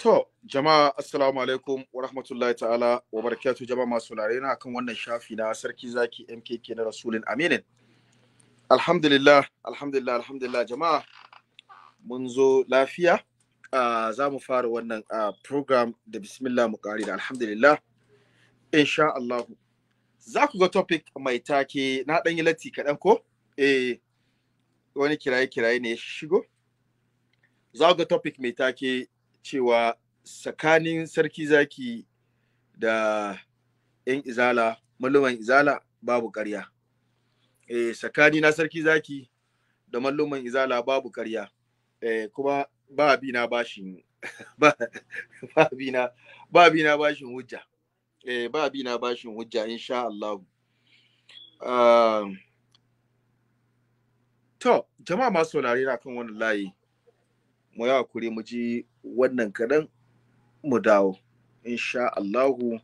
To, jama'a assalamu alaikum wa rahmatullahi ta'ala wa barakatu jama'a masu lare na kan wannan shafi na sarki zaki MKK na Rasulin Aminin. Alhamdulillah, alhamdulillah, alhamdulillah jama'a mun zo lafiya uh, za mu fara wannan uh, program da bismillah mu kari da alhamdulillah. Insha Allah. Za ku ga topic mai take na ɗan yi latti kaɗan ko? Eh, wani kiraye-kiraye ne ya shigo. Za ku ga topic mai take cewa tsakanin sarki zaki da 'yan izala malluman izala babu ƙarya eh tsakani na sarki zaki da malluman izala babu ƙarya eh kuma ba bi na bashin ba bi na ba bi na bashin hujja eh ba bi na bashin hujja insha Allah uh, to jama'a masu saurare na kan wannan layi mu yi hakuri mu ji wannan kaɗan mu dawo insha Allahu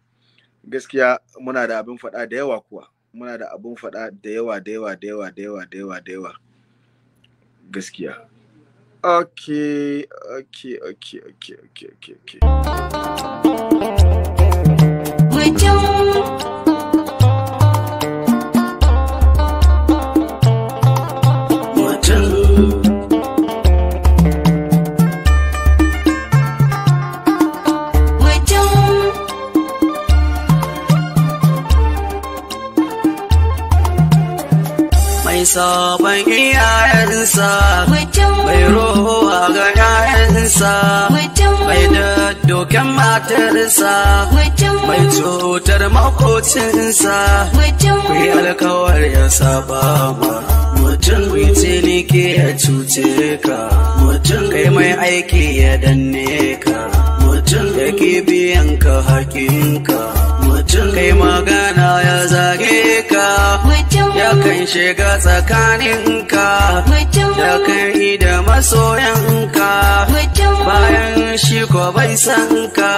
gaskiya muna da abin faɗa da yawa kuwa muna da abin faɗa da yawa da yawa da yawa da yawa da yawa da yawa gaskiya okay okay okay okay okay okay okay sabon iyayensa mai rowa ga yayansa mai daddoken matarsa mai cutar makocinsa Kai alkawar ya saba ma mutum ne ke ya cuce ka mutum kai mai aiki ya danne ka mutum da ke biyan ka hakinka mutum kai magana ya zage ka da kan shiga tsakaninka da yi da masoyanka bayan shi ko bai san ka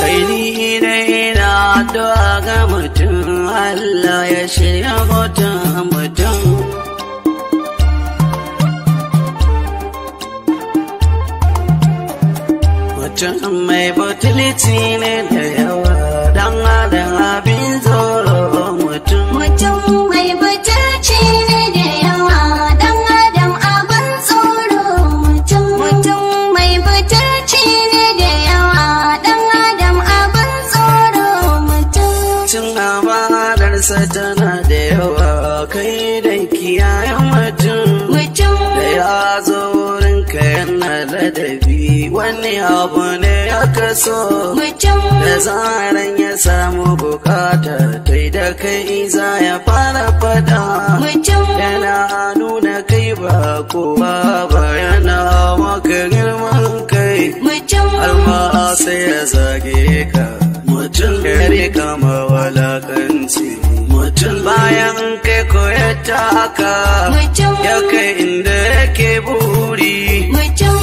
kai ni na ina addu'a ga mutum Allah ya shirya mutum mutum mutum mai butulci ne so da zaran ya samu bukata tai da kai iza ya fara fada yana nuna kai ba ko ba yana maka girman kai alma ma sai ya zage ka mutum kare eh. kama walakanci mutum bayan kai koya taka ya kai inda yake buri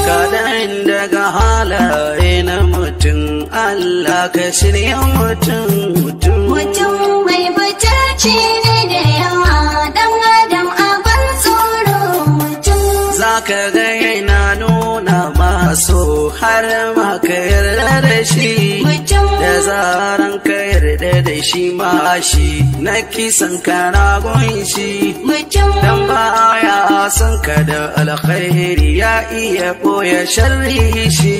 kaɗan daga halaye na mutum Allah ka shirya mutum mutum mai bacci ne da yawa dan adam abin tsoro mutum za ka ga yana nuna so har ma ka yarda da shi da zaran ka yarda da shi ma shi na kisan ka na shi dan baya san ka da alkhairi ya iya boye sharri shi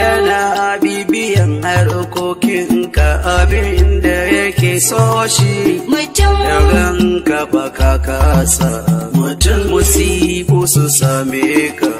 yana bibiyan harkokin ka abin da yake so shi da ka baka kasa mutum musibu su same ka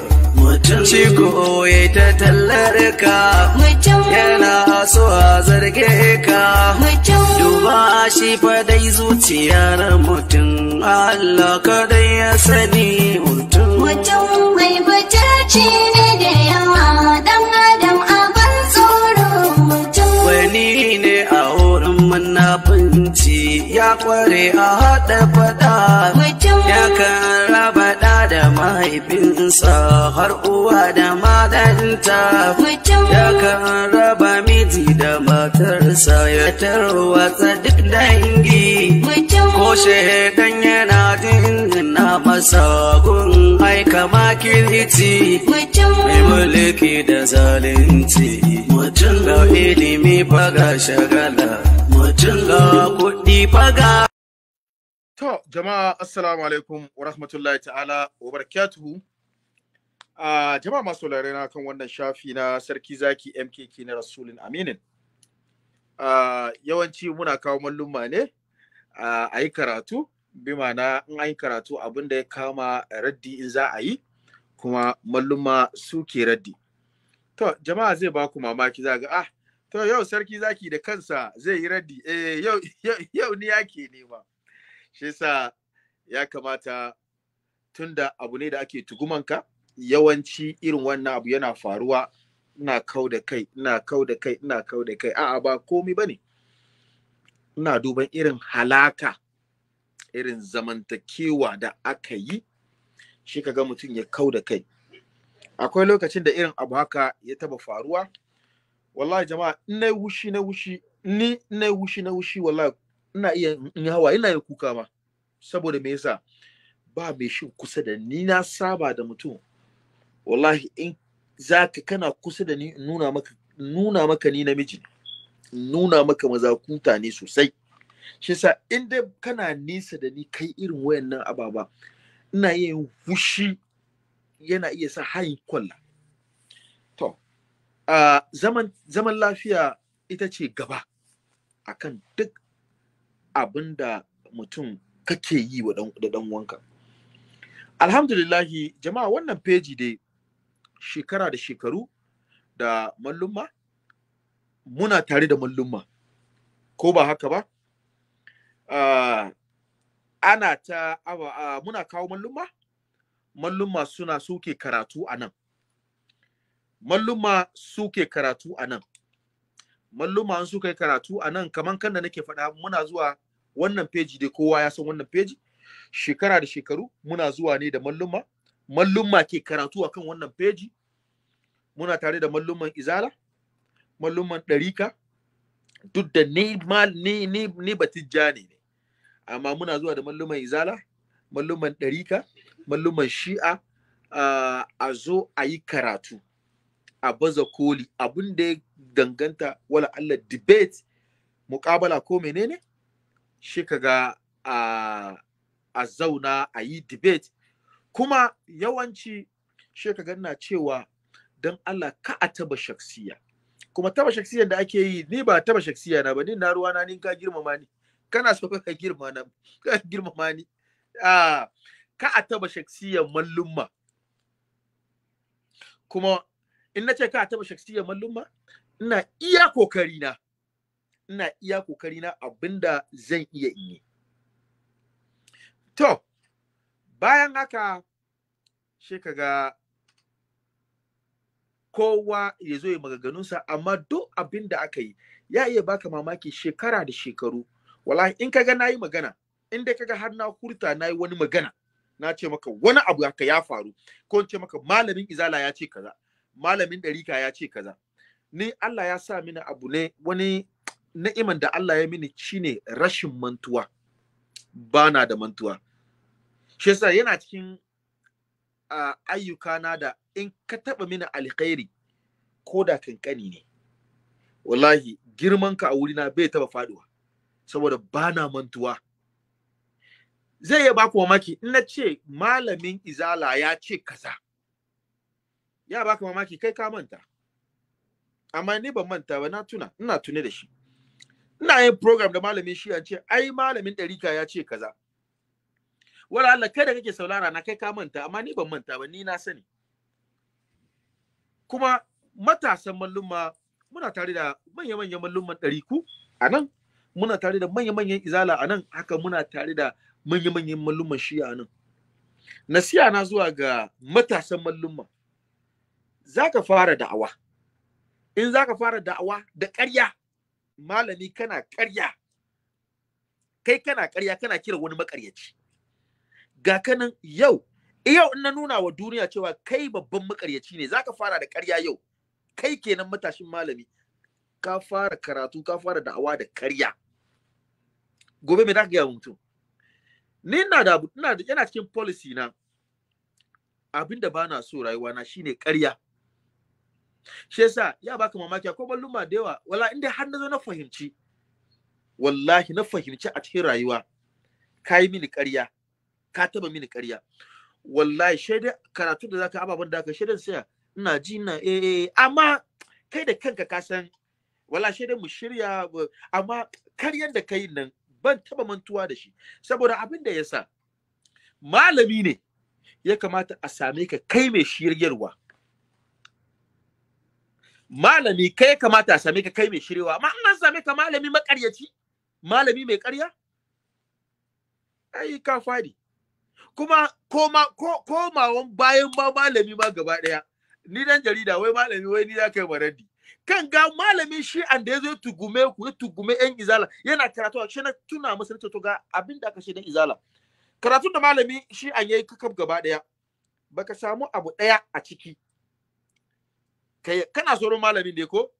Ciko ya ta tallarka. mutum yana so a zarge ka duba shi fadai zuciyar mutum Allah kadai ya sani mutum mutum mai bata ce ne da yawa dan adam ban tsoro mutum wani ne a wurin munafunci ya kware a haɗa fada ya kan raba mahaifinsa har uwa da madanta ya kan raba miji da matarsa ya ta duk dangi ko shaidan yana jin masa gun aika makilici mai mulki da zalunci mutum ga ilimi faga shagala mutum ga kuɗi faga To, jama'a assalamu alaikum wa rahmatullahi ta'ala wa barakatuhu. jama'a masu na kan wannan shafi na sarki zaki MKK na Rasulun Aminin. yawanci muna kawo malluma ne a yi karatu, bi na in an yi karatu abin da ya kama raddi in za a yi, kuma malluma su ke raddi. To, jama'a zai ba ku mamaki za ga ah, to yau sarki zaki da kansa zai yi raddi, eh yau, yau ni yake nema. shi sa ya kamata tunda abu ne da ake tugumanka yawanci irin wannan abu yana faruwa ina kau da kai ina kau da kai ina kau da kai a'a ba komi bane ina duban irin halaka irin zamantakewa da aka yi shi ga mutum ya kau da kai akwai lokacin da irin abu haka ya taba faruwa wallahi jama'a in na wushi na wushi ni na wushi na wushi wallahi ina iya in hawa ina iya kuka ma saboda me yasa ba mai shin kusa da ni na saba da mutum wallahi in za ka kana kusa da ni nuna maka nuna maka ni namiji nuna maka maza kuta ne sosai shi yasa in dai kana nisa da ni kai irin wayannan ababa ina iya yin fushi yana iya sa hayin kwalla to ah, zaman zaman lafiya ita ce gaba akan duk abin da mutum kake yi da dan wanka alhamdulillahi jama'a wannan feji dai shekara da shekaru da mallumma muna tare da mallumma ko ba haka ba uh, ana ta ah, muna kawo mallumma mallumma suna suke karatu a nan Mallumma suke karatu a nan Mallumma an suka yi karatu a nan kamar kan da nake faɗa muna zuwa wannan feji dai kowa ya san wannan feji shekara da shekaru muna zuwa ne da malluma malluma ke karatu akan wannan feji muna tare da malluman izala malluman ɗarika duk da ni ne ne ni ne amma muna zuwa da malluman izala malluman ɗarika malluman shi'a a zo a yi karatu a baza koli Abun da ya danganta wala Allah debate muƙabala ko menene shi kaga a a zauna a yi debate kuma yawanci shi kaga na cewa don Allah ka a taba shaksiya kuma taba shaksiyan da ake yi ni ba taba shaksiya na ba ni na ruwa na ni ka girmama ni kana so ka girma na ka girmama ni ka a taba shaksiyar mallumma kuma in na ce ka a taba shaksiyar mallumma ina iya kokari na ina iya kokari na abinda zan iya yi to bayan haka shi kaga kowa ya zo ya maganganunsa amma duk abin da aka yi ya iya baka mamaki shekara da shekaru wallahi in kaga na yi magana in dai kaga har na hurta na yi wani magana na ce maka wani abu haka ya faru ko ce maka malamin izala ya ce kaza malamin ɗarika ya ce kaza ni Allah ya sa mini abu ne wani ni'iman da Allah ya mini shine rashin mantuwa ba na da mantuwa shi yasa yana cikin uh, ayyuka na da in ka taba mini alkhairi ko da kankani ne wallahi girmanka a wurina bai taba faɗuwa. saboda ba na mantuwa zai iya baku mamaki in na ce malamin izala ya ce kaza ya baka mamaki kai ka manta amma ni ban manta ba na tuna ina tune da shi ina yin program da malamin shi ce ai malamin ɗarika ya ce kaza wala Allah kai da kake saulara na kai ka manta amma ni ban manta ba ni na sani kuma matasan mallumma muna tare da manya-manyan mallumman ɗariku a nan muna tare da manya-manyan izala a nan haka muna tare da manya-manyan mallumman shi a nan nasiya na zuwa ga matasan mallumma za ka fara da'awa in za ka fara da'awa da ƙarya malami kana ƙarya kai kana karya kana kira wani makaryaci ga kanan yau yau in na nuna wa duniya cewa kai babban makaryaci ne zaka fara da karya yau kai kenan matashin malami ka fara karatu ka fara da'awa da karya. gobe me zaka gaya mutum ni ina da ina cikin policy na abinda bana so rayuwa na shine karya. shi yasa ya baka mamaki ko balluma da yawa wala inda har na zo na fahimci wallahi na fahimci a cikin rayuwa ka yi mini ƙarya ka taba mini ƙarya wallahi shaidar karatu da zaka ababen da aka shaidar saya ina ji na eh, eh, eh amma kai da kanka ka san wala shaidar mu shirya amma karyan da kai nan ban taba mantuwa da shi saboda abin da yasa malami ne ya kamata a same ka kai mai shiryarwa malami kai kamata a same ka kai mai shirewa amma in an same ka malami makaryaci malami mai karya ai ka fadi kuma koma ko komawan bayan ba malami ma gaba daya ni dan jarida wai malami wai ni za kai maradi kan ga malami shi an da ya tugume ku ya tugume yan izala yana karatu a na tuna masa abinda to ga abin da aka ce dan izala karatu da malami shi an yayi kakab gaba daya baka samu abu daya a ciki kai kana tsoron malami ne ko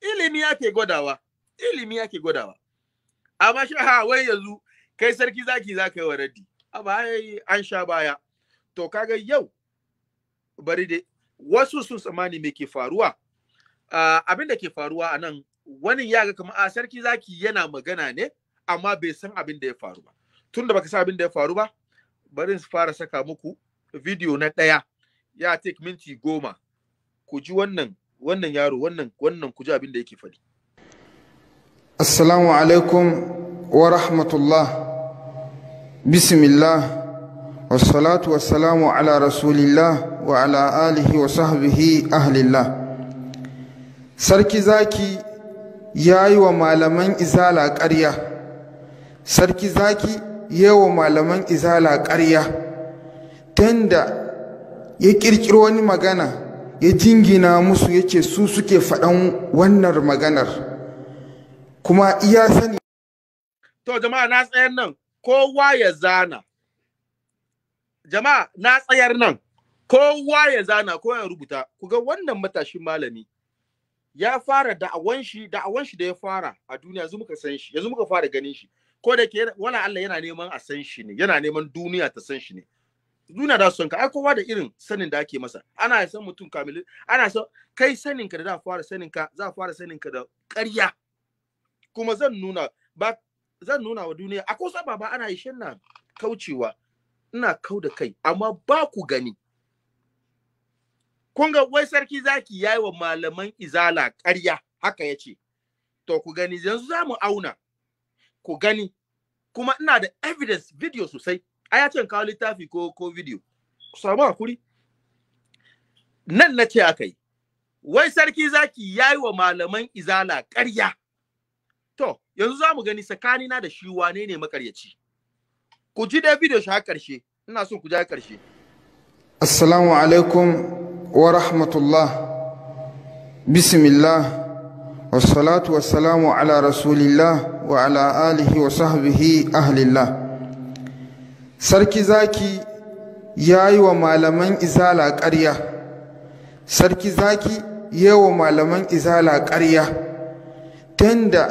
ilimi yake gwadawa ilimi yake gwadawa amma shi ha wai yanzu kai sarki zaki zaka yi waradi amma ai an sha baya to kaga yau bari dai wasu sun tsammani me ke faruwa abin da ke faruwa a nan wani ya ga kamar a sarki zaki yana magana ne amma bai san abin da ya faru ba tun da baka san abin da ya faru ba bari su fara saka muku video na ɗaya ya take minti goma ku ji wannan wannan yaro wannan wannan ku ji abin da yake faɗi assalamu alaikum wa rahmatullah bismillah wassalatu wassalamu ala rasulillah wa ala alihi wa sahbihi ahlillah sarki zaki ya yi wa malaman izala ƙarya sarki zaki ya wa malaman izala ƙarya tunda ya ƙirƙiro wani magana ya jingina musu ya ce su suke faɗan wannan maganar kuma iya sani to jama'a na tsayar nan kowa ya zana jama'a na tsayar nan kowa ya zana ko ya rubuta ku ga wannan matashin malami ya fara da'awan shi da'awan shi da ya fara a duniya yanzu muka san shi yanzu muka fara ganin shi ko da ke wala Allah yana neman a san shi ne yana neman duniya ta san shi ne Nuna da su ka ai kowa da irin sanin da ake masa ana san mutum kamil ana san kai sanin ka da za fara sanin ka za fara sanin ka da ƙarya kuma zan nuna ba zan nuna wa duniya akwai saba ba ana yi na kaucewa ina kau da kai amma ba ku gani kun ga wai sarki zaki yayi wa malaman izala ƙarya haka yace to ku gani yanzu zamu auna ku gani kuma ina da evidence video sosai Aya can ce kawo littafi ko ko video ku samu hakuri nan na ce akai wai sarki zaki yayi wa malaman izala ƙarya to yanzu za mu gani tsakanina da shi wane ne makaryaci ku ji da video shi har ƙarshe ina so ku ji har ƙarshe assalamu alaikum wa rahmatullah bismillah والصلاة والسلام ala rasulillah! Wa ala alihi wa sahbihi ahlillah sarki zaki ya yi wa malaman izala karya, sarki zaki ya wa malaman izala ƙarya tanda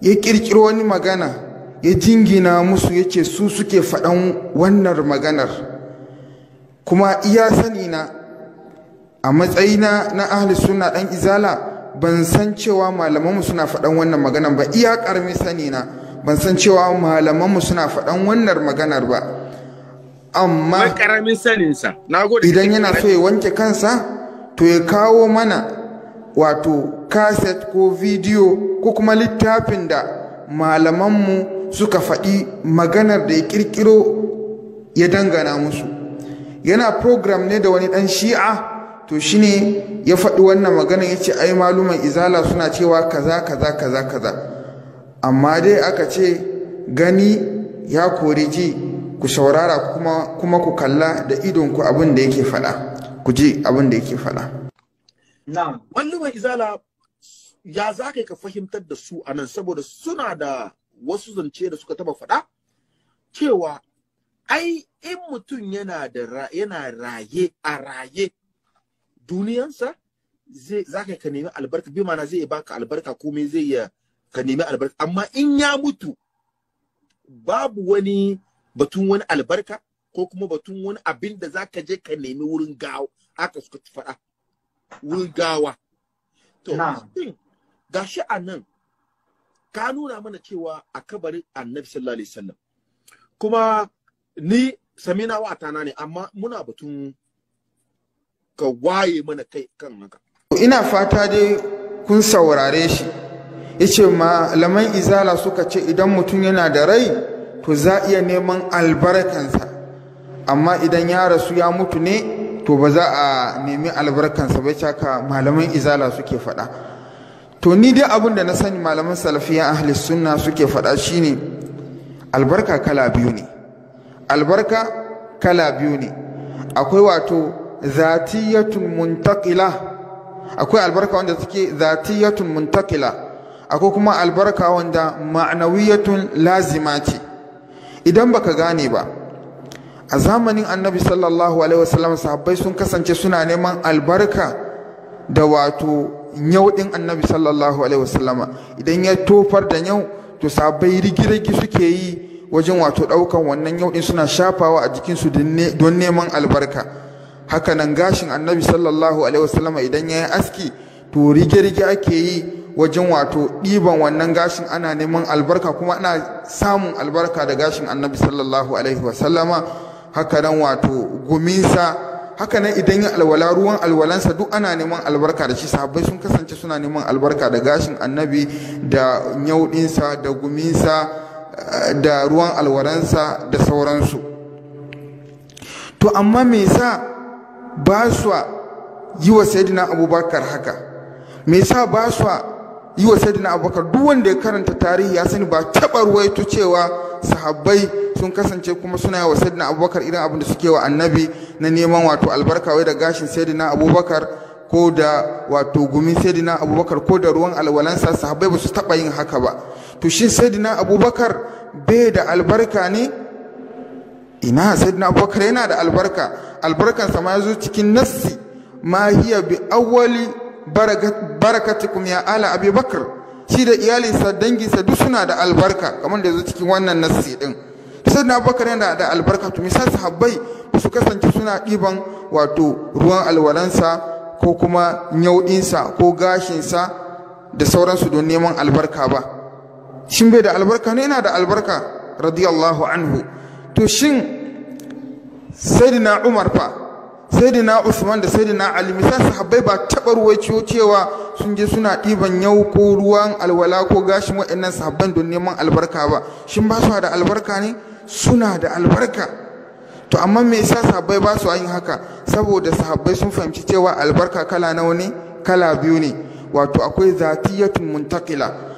ya ƙirƙiro wani magana ya jingina musu ya ce su suke faɗan wannan maganar kuma iya sani na a matsayina na ahli suna ɗan izala ban san cewa malamanmu suna faɗan wannan maganar ba iya ƙarmi sani na ban san cewa malamanmu suna faɗan wannan maganar ba amma idan yana so ya wanke kansa to ya kawo mana wato kaset ko bidiyo ko kuma littafin da malamanmu suka faɗi maganar da ya ƙirƙiro ya dangana musu yana program ne da wani ɗan shi'a to shine ya faɗi wannan maganar ya ce ai maluman izala suna cewa kaza kaza kaza kaza amma dai aka ce gani ya kori ji ku saurara kuma kuma ku kalla da idonku abin da yake faɗa ku ji abin da yake faɗa na'am malluman izala ya za ka fahimtar da su anan saboda suna da wasu zance da suka taba faɗa cewa ai in mutum yana da yana raye a raye duniyansa zai ka nemi albarka bi ma'ana zai baka albarka komai zai ya ka nemi albarka amma in ya mutu babu wani batun wani albarka ko kuma batun wani abin da za ka je ka nemi wurin gawa aka suka faɗa wurin gawa to ga shi a nan ka nuna mana cewa a kabarin annabi sallallahu alaihi wasallam kuma ni samina wa tana ne amma muna batun ka waye mana kai kan haka ina fata dai kun saurare shi yace malaman izala suka ce idan mutum yana da rai to za iya neman albarkansa amma idan ya rasu ya mutu ne to ba za a nemi albarkansa ba haka malaman izala suke faɗa to ni dai abin da na sani malaman salafiyan ahli sunna suke faɗa shine albarka kala biyu ne albarka kala biyu ne akwai wato zatiyatun muntakila akwai albarka wanda suke zatiyatun muntakila akwai kuma albarka wanda ma'anawiyatun lazima ce idan baka gane ba a zamanin annabi sallallahu alaihi wasallam sahabbai sun kasance suna neman albarka da wato yau din annabi sallallahu alaihi wasallama idan ya tofar da nyau to sahabbai rigirigi suke yi wajen wato ɗaukan wannan yau din suna shafawa a jikinsu don neman albarka haka nan gashin annabi sallallahu alaihi wasallama idan ya yi aski to rige-rige ake yi wajen wato ɗiban wannan gashin ana neman albarka kuma ana samun albarka da gashin annabi sallallahu alaihi wasallama haka nan wato guminsa haka nan idan ya alwala ruwan alwalansa duk ana neman albarka da shi sahabbai sun kasance suna neman albarka da gashin annabi da nyauɗinsa da guminsa da ruwan alwalansa da sauransu to amma me sa ba su yi wa sayidina abubakar haka me sa ba su yi wa dina abubakar duk wanda ya karanta tarihi ya sani ba taɓa ruwaito cewa sahabbai sun kasance kuma suna wa dina abubakar irin abin da suke wa annabi na neman wato albarka wai da gashin dina abubakar ko da wato gumin dina abubakar ko da ruwan alwalansa sahabbai ba su taɓa yin haka ba to sai dina abubakar bai da albarka ne ina dina abubakar yana da albarka albarkansa ma ya zo cikin nassi ma hiya bi awwali barakatukum ya ala Abubakar shi da iyalinsa danginsa duk suna da albarka kamar da zo cikin wannan nassi din sai na bakar yana da albarka to misal sahabbai su kasance suna ɗiban wato ruwan alwalansa ko kuma nyauɗinsa ko gashinsa da sauransu don neman albarka ba shin bai da albarka ne yana da albarka radiyallahu anhu to shin sayyidina umar fa Sai na Usman da sai na Ali misal sahabbai ba taɓa cewa sun je suna ɗiban yau ko ruwan alwala ko gashin waɗannan sahabban don neman albarka ba shin ba su da albarka ne suna da albarka to amma me yasa sahabbai ba su yin haka saboda sahabbai sun fahimci cewa albarka kala nawa ne kala biyu ne wato akwai zatiyatun muntakila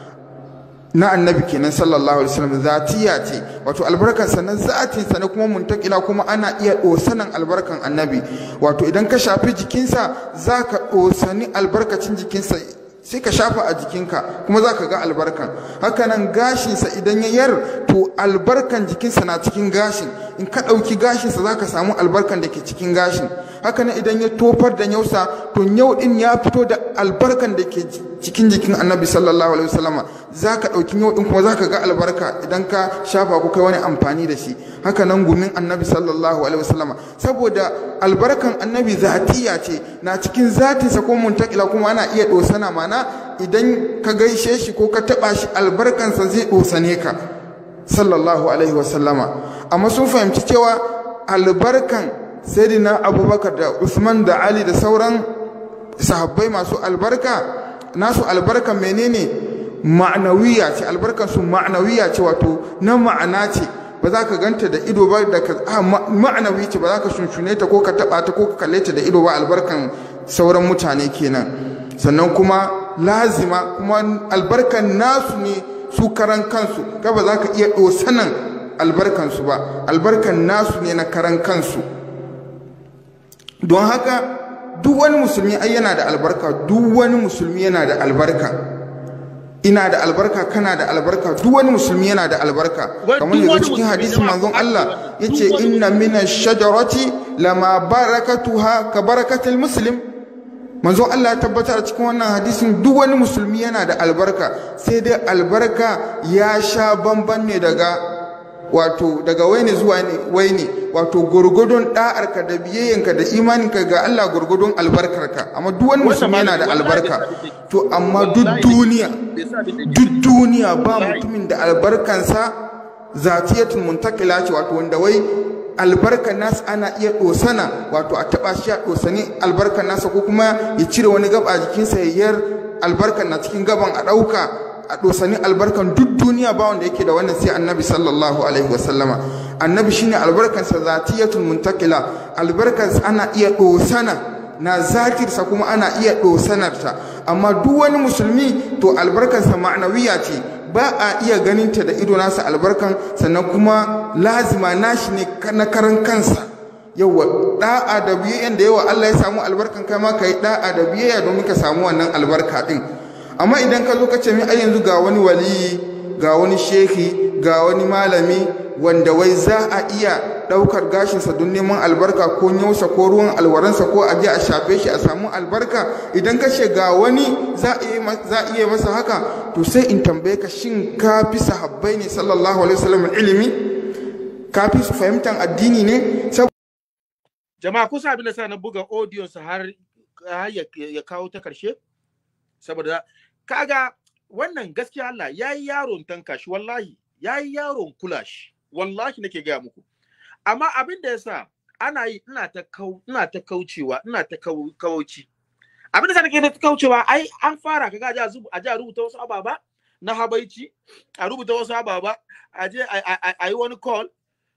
na annabi kenan sallallahu alaihi wasallam zatiya ce wato albarkan sa na zatin sa ne kuma muntakila kuma ana iya dosanan albarkan annabi wato idan ka shafi jikinsa zaka dosani albarkacin jikinsa sai ka shafa a jikinka kuma za ka ga albarkan hakanan gashinsa idan ya yar to albarkan jikinsa na cikin gashin in ka ɗauki gashinsa za ka samu albarkan da ke cikin gashin haka nan idan ya tofar da nyausa, to nyau din ya fito da albarkan da ke cikin jikin annabi sallallahu alaihi wasallama za ka ɗauki din kuma zaka ga albarka idan ka shafa ko kai wani amfani da shi haka nan gumin annabi sallallahu alaihi wasallama saboda albarkan annabi zatiya ce na cikin zatinsa ko muntakila kuma ana iya ɗosana mana idan ka gaishe shi ko ka taba shi albarkansa zai ɗosane ka sallallahu alaihi wasallama amma sun fahimci cewa albarkan sayyidina abubakar da usman da ali da sauran sahabbai masu albarka nasu albarka menene ma'anawiya ce albarkar su ma'anawiya ce wato na ma'ana ce ba za ka ganta da ido ba da ka ma'anawi ce ba za ka shunshune ta ko ka taba ta ko ka kalle ta da ido ba albarkan sauran mutane kenan sannan kuma lazima kuma albarkan nasu ne su karan kansu ka ba za ka iya dosanan albarkan su ba albarkan nasu ne na karan kansu don haka duk wani musulmi ai yana da albarka duk wani musulmi yana da albarka ina da albarka kana da albarka duk wani musulmi yana da albarka kamar yanzu cikin hadisin manzon Allah yace inna mina shajarati lama barakatuha ka barakatil muslim manzon Allah ya tabbatar a cikin wannan hadisin duk wani musulmi yana da albarka sai dai albarka ya sha bamban ne daga wato daga waini zuwa waini wato gurgudun da'arka da biyayyanka da imaninka ga Allah gurgudun albarkarka amma duk wani musulmi yana da albarka to amma duk duniya duk duniya ba mutumin da albarkansa zatiyatun muntakila ce wato wanda wai albarkar nasa ana iya dosana wato a taba shi a dosani albarkar nasa ko kuma ya cire wani gaba a jikinsa ya yar albarkar na cikin gaban a ɗauka a dosanin albarkan duk duniya ba wanda yake da wannan sai annabi sallallahu alaihi wasallama annabi shine albarkansa zatiyatul muntakila albarkansa ana iya dosana na zatirsa kuma ana iya ta amma duk wani musulmi to albarkansa ma'anawiya ce ba a iya ganinta da ido nasa albarkan sannan kuma lazima nashi ne na karan kansa yawa da'a da biyayya da yawa Allah ya samu albarkan kai ma kai da'a da biyayya domin ka samu wannan albarka din amma idan ka zo ka ce min ai yanzu ga wani waliyi ga wani shehi ga wani malami wanda wai za a iya ɗaukar gashinsa don neman albarka ko yausa ko ruwan alwaransa ko a je a shafe shi a samu albarka idan ka ce ga wani za a iya masa haka to sai in tambaye ka shin ka fi sahabbai ne sallallahu alaihi wasallam ilimi ka fi su fahimtar addini ne jama'a kusa abin da sa na buga audio sa har ya kawo ta karshe saboda kaga wannan gaskiya Allah ya yi yaron tanka shi wallahi yi yaron kula shi wallahi nake gaya muku amma abin da yasa ana yi ina ta kau ina ta kaucewa ina ta kauci abin da nake ta kaucewa ai an fara kaga ja a rubuta wasu ababa na habaici a rubuta wasu ababa a je a yi wani call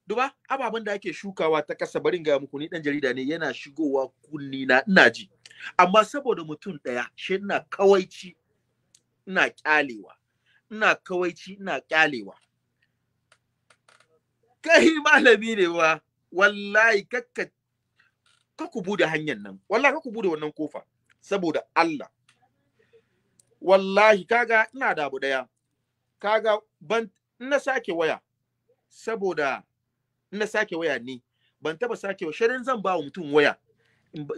duba ababen da ake shukawa ta kasa barin ga muku ni dan jarida ne yana shigowa kunni na ina ji amma saboda mutum daya shi ina kawaici ina kyalewa ina kawaici ina kyalewa kai malami ne wa wallahi kakka ka ku bude hanyar nan wallahi ka ku bude wannan kofa saboda Allah wallahi kaga ina da abu daya kaga ban na sake waya saboda na sake waya ne ban taba sake wa sharin zan ba wa mutum waya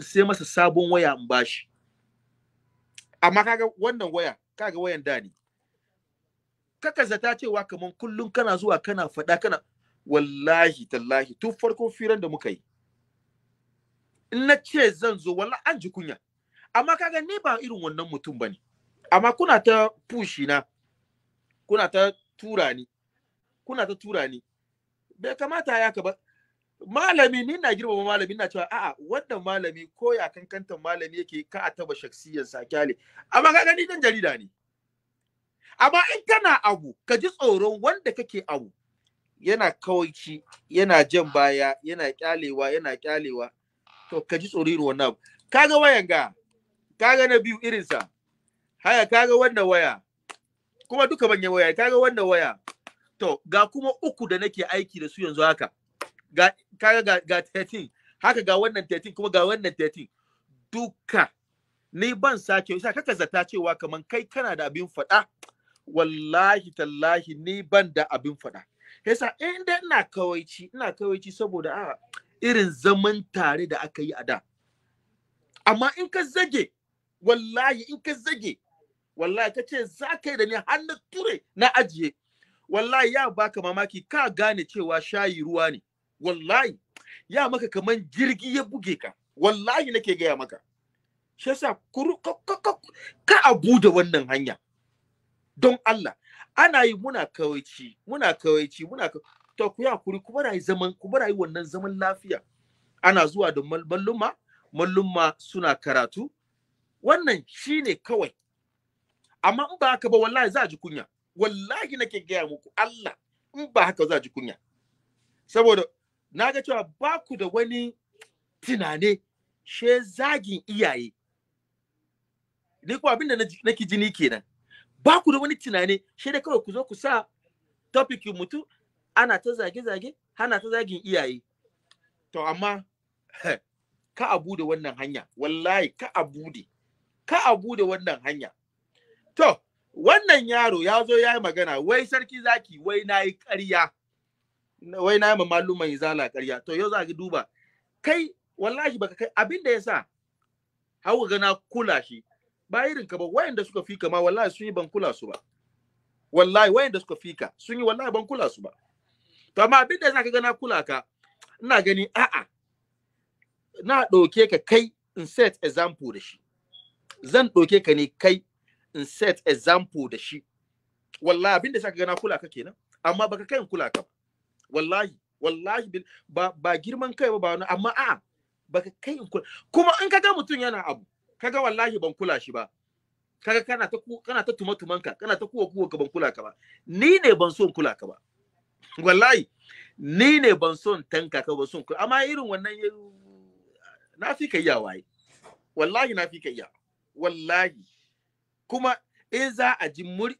sai masa sabon waya in bashi amma kaga wannan waya kaga wayan da ne kaka zata cewa kaman kullun kana zuwa kana faɗa kana wallahi tallahi tun farko firan da muka yi in na ce zan zo walla an ji kunya amma kaga ni ba irin wannan mutum bane amma kuna ta pushi na kuna ta tura ni kuna ta tura ni bai kamata ya ka ba malami ni na girmama malami na cewa a'a wannan malami ko ya kankantan malami yake ka a taba shaksiyar sa kyale amma ga gani dan jarida ne amma in kana abu ka ji tsoron wanda kake abu yana kawaici yana jan baya yana kyalewa yana kyalewa to ka ji tsoro irin wannan abu kaga wayan ga kaga na biyu irinsa, sa haya kaga wannan waya kuma duka manyan waya kaga wannan waya to ga kuma uku da nake aiki da su yanzu haka ga kaga ga, ga 13 haka ga wannan 13 kuma ga wannan 13 duka ni ban sake sai kaka zata cewa kaman kai kana da abin faɗa wallahi tallahi ni ban da abin faɗa yasa in dai ina kawaici ina kawaici saboda a ah, irin zaman tare da aka yi a da amma in ka zage wallahi in ka zage wallahi ka ce za ka yi da ni har ture na ajiye wallahi ya baka mamaki ka gane cewa shayi ruwa ne wallahi ya maka kaman jirgi ya buge ka wallahi nake gaya maka shi yasa ka abu da wannan hanya don Allah ana yi muna kawaici muna kawaici muna to ku ya kuri kuma rayi zaman wannan zaman lafiya ana zuwa da malluma malluma suna karatu wannan shine kawai amma in ba haka ba wallahi za a ji kunya wallahi nake gaya muku Allah in ba haka za a ji kunya saboda na ga cewa ba ku da wani tunane she zagin iyaye ni ko abinda nake jini kenan ba ku da wani tunane she da kawai ku zo ku sa topic mutu ana ta zage-zage ana ta zagin iyaye to amma ka a bude wannan hanya wallahi ka a bude ka a bude wannan hanya to wannan yaro ya zo ya yi magana wai sarki zaki wai na yi ƙarya wai na ma maluman zala ƙarya to yau za ki duba kai wallahi baka kai abin da yasa hawa ga na kula shi ba irin ka ba wayanda suka fika ma wallahi sun yi ban kula su ba wallahi wayanda suka fika sun yi wallahi ban kula su ba to amma abin da yasa ka ga na kula ka ina gani a'a na ɗauke ka kai in set example da shi zan ɗauke ka ne kai in set example da shi wallahi abin da yasa ka ga na kula ka kenan amma baka kai in kula ka ba wallahi wallahi ba, ba girman kai ba wani amma a baka kai in kula kuma in kaga mutum yana abu kaga wallahi ban kula shi ba kaga kana ta kana ta tuma ka kana ta kuwa kuwa ka ban kula ka ba ni ne ban so kula ka ba wallahi ni ne ban son tanka ka ban so kula amma irin wannan na fi ka iya waye wallahi na fi kai iya wallahi kuma in za a ji muri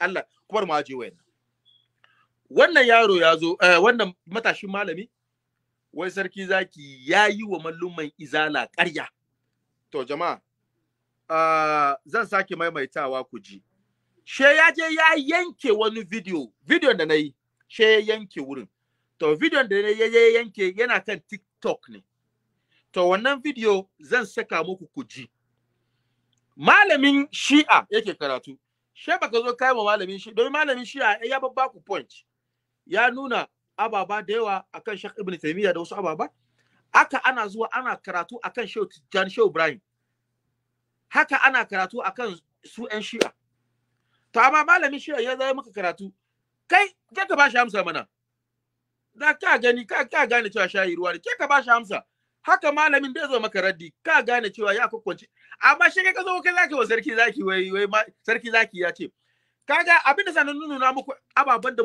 Allah kuma ma je wayan wannan yaro ya zo eh, wannan matashin malami wai sarki zaki ya yi wa malluman izala ƙarya to jama'a uh, zan sake maimaitawa ku ji she ya je ya yanke wani video video da na yi she ya yanke wurin to video da na ya yanke yana kan tiktok ne to wannan video zan saka muku ku ji malamin shi'a yake karatu she baka zo kai wa malamin shi'a, domin malamin shi'a ya babba ku point ya nuna ababa da yawa akan Sheikh Ibn Taymiyyah da wasu ababa haka ana zuwa ana karatu akan kan Jan Sheikh Ibrahim haka ana karatu akan su ‘yan Shi'a to amma malamin Shi'a ya zai maka karatu kai ke ka bashi amsa mana da ka gani ka ka gane cewa shayi ruwa ne ke ka bashi amsa haka malamin da zo maka raddi ka gane cewa ya kwakwanci amma shi ka zo kai zaki wa sarki zaki wai wai sarki zaki ya ce kaga abin da sanin nuna muku ababan da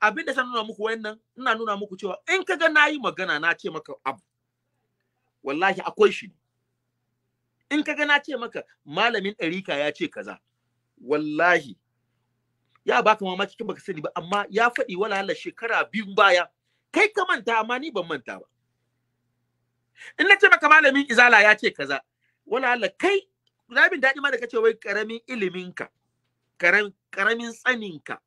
abin da ta nuna muku wayannan ina nuna muku cewa in kaga nayi magana na ce maka abu wallahi akwai shi in kaga na ce maka malamin ɗarika ya ce kaza wallahi ya baka mamaki cikin baka sani ba amma ya faɗi wala Allah shekara biyu baya kai ka manta amma ni ban manta ba in na ce maka malamin izala ya ce kaza wala Allah kai zabin daɗi ma da kace wai karamin iliminka karamin tsaninka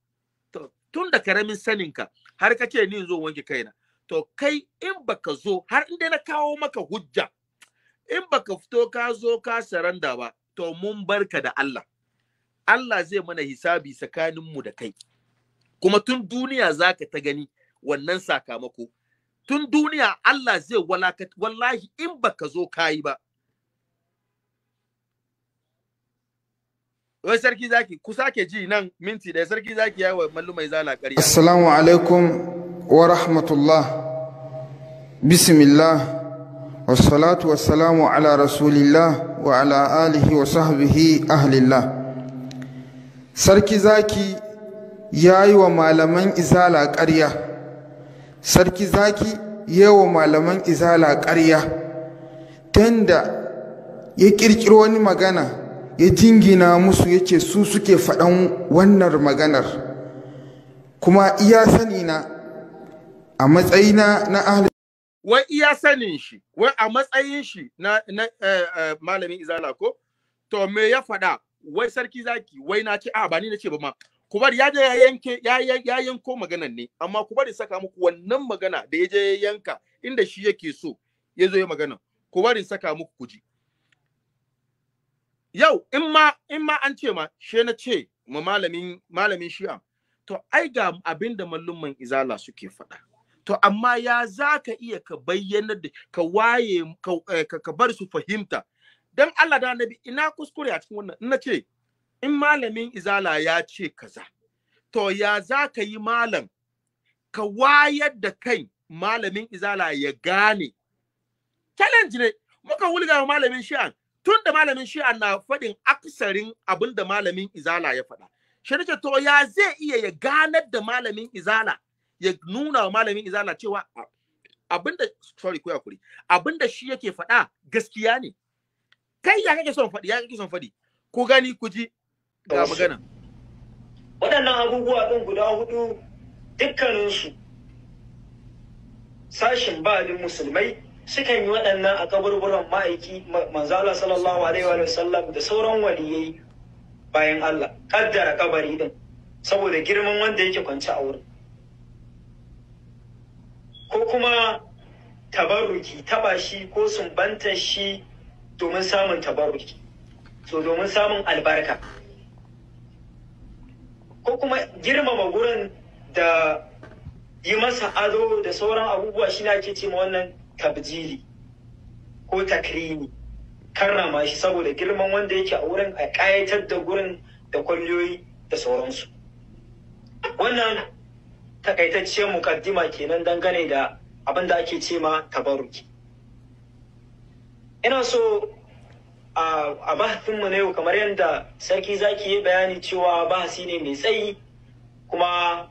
tun da karamin saninka har ka ce ni zo wanke kaina to kai in baka zo har in dai na kawo maka hujja in baka fito ka zo ka saranda ba to mun barka da Allah Allah zai mana hisabi tsakanin mu da kai kuma tun duniya zaka ta gani wannan sakamako tun duniya Allah zai wallahi in baka zo kayi ba wai sarki zaki ku sake ji nan minti da sarki zaki yi wa mai zala ƙarya assalamu alaikum wa rahmatullah bismillah wassalatu wassalamu ala rasulillah wa ala alihi wa sahbihi ahlillah sarki zaki ya yi wa malaman izala ƙarya sarki zaki yi wa malaman izala ƙarya tanda ya kirkiro wani magana ya jingina musu ya ce su suke faɗan wannan maganar kuma iya sani na a matsayina na ahli wai iya sanin shi wai a matsayin shi na, na eh, eh, malamin izala ko to me ya faɗa wai sarki zaki wai na ce a ba ni na ce ba ma Ku ya ya yanke ya yanko maganar ne amma ku bari saka muku wannan magana da ya je ya yanka inda shi yake so ya zo ya magana ku bari saka muku kuji yau in ma in ma an ce ma she na ce ma malamin shi'a to ai ga abin da mallumman izala suke faɗa to amma ya za ka iya ka bayyanar da ka waye ka eh, bar su fahimta Don Allah da nabi ina kuskure a cikin wannan ina ce in malamin izala ya ce kaza to ya za ka yi malam ka wayar da kai malamin izala ya gane challenge ne muka wulga malamin shi'an tun da malamin shi'a na faɗin aksarin abin da malamin izala ya faɗa shi nake to ya zai iya ya ganar da malamin izala ya nuna wa malamin izala cewa abinda sorry ku yakuri da shi yake faɗa gaskiya ne kai ya kake son faɗi ya kake son faɗi ku gani ku ji ga magana waɗannan abubuwa ɗin guda hudu dukkaninsu sashin ba'alin musulmai sukan yi waɗannan a kaburburan ma'aiki manzala sallallahu alaihi wa sallam da sauran waliyai bayan Allah kaddara kabari din saboda girman wanda yake kwance a wurin ko kuma tabarruki taba shi ko sumbanta shi domin samun tabarruki so domin samun albarka ko kuma girmama gurin da yi masa ado da sauran abubuwa shi ake ce ma wannan tabjili ko takrimi karrama shi saboda girman wanda yake a wurin a ƙayatar da gurin da kwalliyoyi da sauransu wannan takaitacciyar mukaddima kenan dangane da abin da ake ce ma tabaruki ina so a bahasinmu na yau kamar yadda sarki zaki yi bayani cewa bahasi ne mai tsayi kuma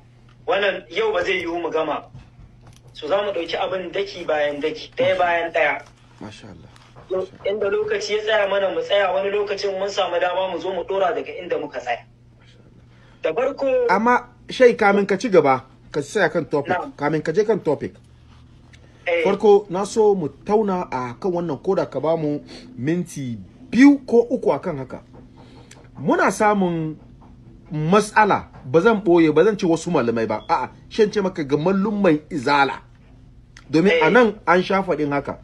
wannan yau ba zai yiwu mu gama su za mu ɗauki abin daki bayan daki ɗaya bayan ɗaya inda lokaci ya tsaya mana mu tsaya wani lokacin mun samu dama mu zo mu ɗora daga inda muka tsaya da farko amma shai kamin ka ci gaba ka tsaya kan topic kamin ka je kan topic eh. farko na so mu tauna a kan wannan koda ka bamu minti biyu ko uku akan haka muna samun matsala ba zan ɓoye ba zan ce wasu malamai ba a'a shan ce maka ga mallumman izala domin a eh. nan an sha faɗin haka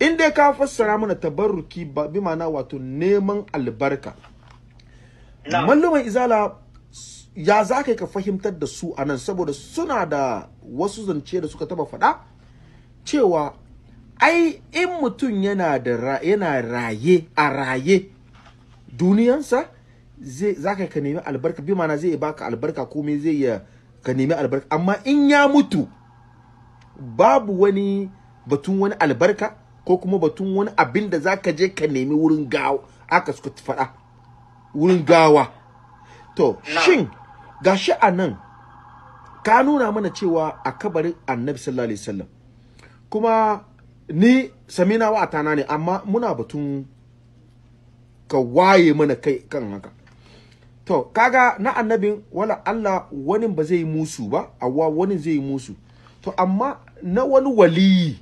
in dai ka fassara mana tabarruki ba bi mana wato neman albarka mallumman izala ya za ka fahimtar da su a nan saboda suna da wasu zance da suka taba faɗa cewa ai in mutum yana da yana raye a raye duniyansa zai zaka ka nemi albarka bi mana zai baka albarka komai zai ya ka nemi albarka amma in ya mutu babu wani batun wani albarka ko kuma batun wani abin da zaka je ka nemi wurin gawa aka suka faɗa wurin gawa to shin gashi a nan ka nuna mana cewa a kabarin annabi sallallahu alaihi wasallam kuma ni samina wa atana ne amma muna batun ka waye mana kai kan haka to kaga na annabin wala Allah wani ba zai musu ba awa wani zai musu to amma na wani waliyi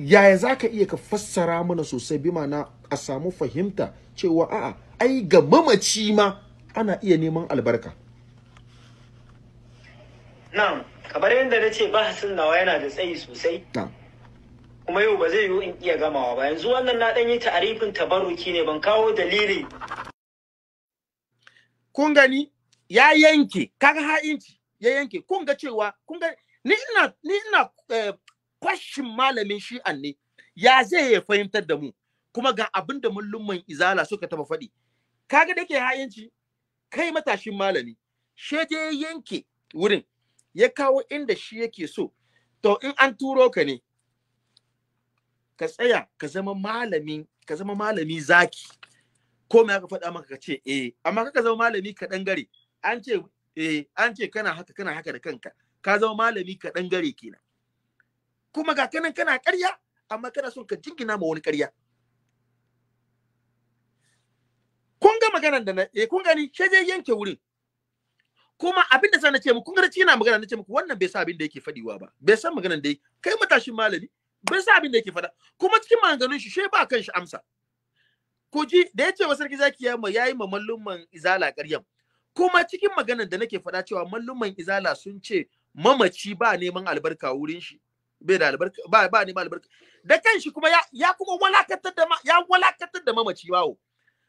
yaya ka iya ka fassara mana sosai bi mana a samu fahimta cewa a'a ai ga mamaci ma ana iya neman albarka na'am kamar yadda na ce ba bahasin nawa yana da tsayi sosai kuma yau ba zai yiwu in iya gamawa ba yanzu wannan na ɗan yi ta'arifin tabarruki ne ban kawo dalili kun gani ya yanke kaga ha'inci ya yanke kun ga cewa kun ga ni ina ni ina eh, question malamin shi'an ne ya zai ya fahimtar da mu kuma ga abin da mulluman izala suka taba faɗi kaga da ke ha'inci kai matashin malami she je yanke wurin ya kawo inda shi yake so to in an turo ka ne ka tsaya ka zama malami ka zama malami zaki ko me aka faɗa maka ka ce eh amma kaka zama malami ka gare an ce eh an ce kana haka kana haka da kanka ka zama malami ka gare kenan kuma ga kanan kana ƙarya amma kana son ka jingina ma wani ƙarya kun ga maganar da na eh kun gani ke zai yanke wurin kuma abin da na ce muku kun ga yana magana na ce muku wannan bai sa abin da yake fadiwa ba bai san maganar da kai matashin malami bai sa abin da yake fada kuma cikin maganganun shi she ba kan shi amsa Kuji da ya ce wa sarki zaki ya ma yayi ma mallumman izala ƙaryam kuma cikin maganar da nake faɗa cewa mallumman izala sun ce mamaci ba neman albarka wurin shi bai da albarka ba ba neman albarka da kanshi kuma ya ya kuma walakatar da ya walakatar da mamaci bawo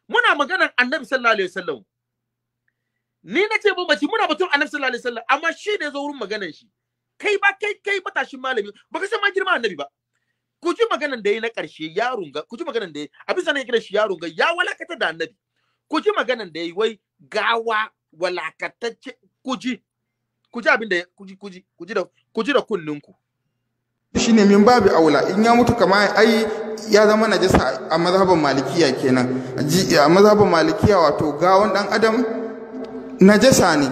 muna maganar annabi sallallahu alaihi wasallam ni na ce mamaci muna batun annabi sallallahu alaihi wasallam amma shi ne zo wurin maganar shi kai ba kai kai matashin malami baka san ma girma annabi ba ku ji maganan da yayi na ƙarshe ya runga ku ji maganan da yayi a bisa ne kira shi ya runga ya walakata da annabi ku ji maganan da yayi wai gawa walakatacce ku ji ku ji abin da ku ji ku ji ku ji da ku ji da kunninku shine min babu aula in ya mutu kama ai ya zama najasa a mazhaban malikiya kenan a mazhaban malikiya wato gawon dan adam najasa ne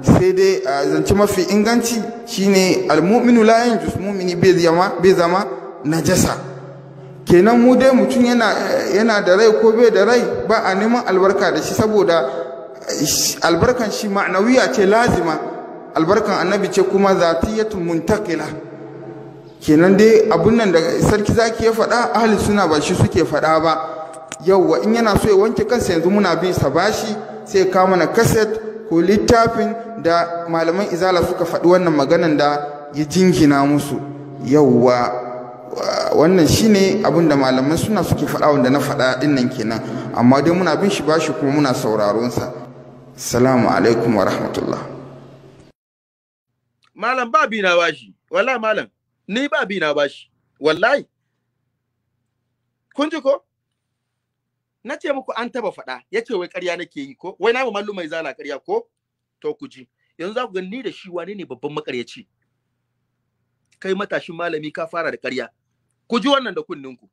sai dai zance mafi inganci shine almu'minu la yanjus mu'mini bai zama bai zama najasa kenan mu dai mutum yana da rai ko bai da rai ba a neman albarka da shi saboda albarkan shi ma'anawiya ce lazima albarkan annabi ce kuma zatiyatun muntakila kenan dai abun nan da sarki zaki ya faɗa ahli suna ba shi suke faɗa ba yauwa in yana so ya wanke kansa yanzu muna bin sa bashi sai ka mana kaset ko littafin da malaman izala suka faɗi wannan maganan da ya jingina musu yauwa wannan shine abin da malaman suna suke faɗa wanda na faɗa ɗin nan kenan amma dai muna bin shi bashi kuma muna sauraron sa salamu alaikum wa rahmatullah malam ba bi na bashi wallahi malam ni ba bi na bashi wallahi kun ji ko na ce muku an taba faɗa ya ce wai ƙarya nake yi ko wai na mu mallu mai zala ƙarya ko to ku ji yanzu za ku ga ni da shi wani ne babban makaryaci kai matashin malami ka fara da ƙarya ku ji wannan da kunninku.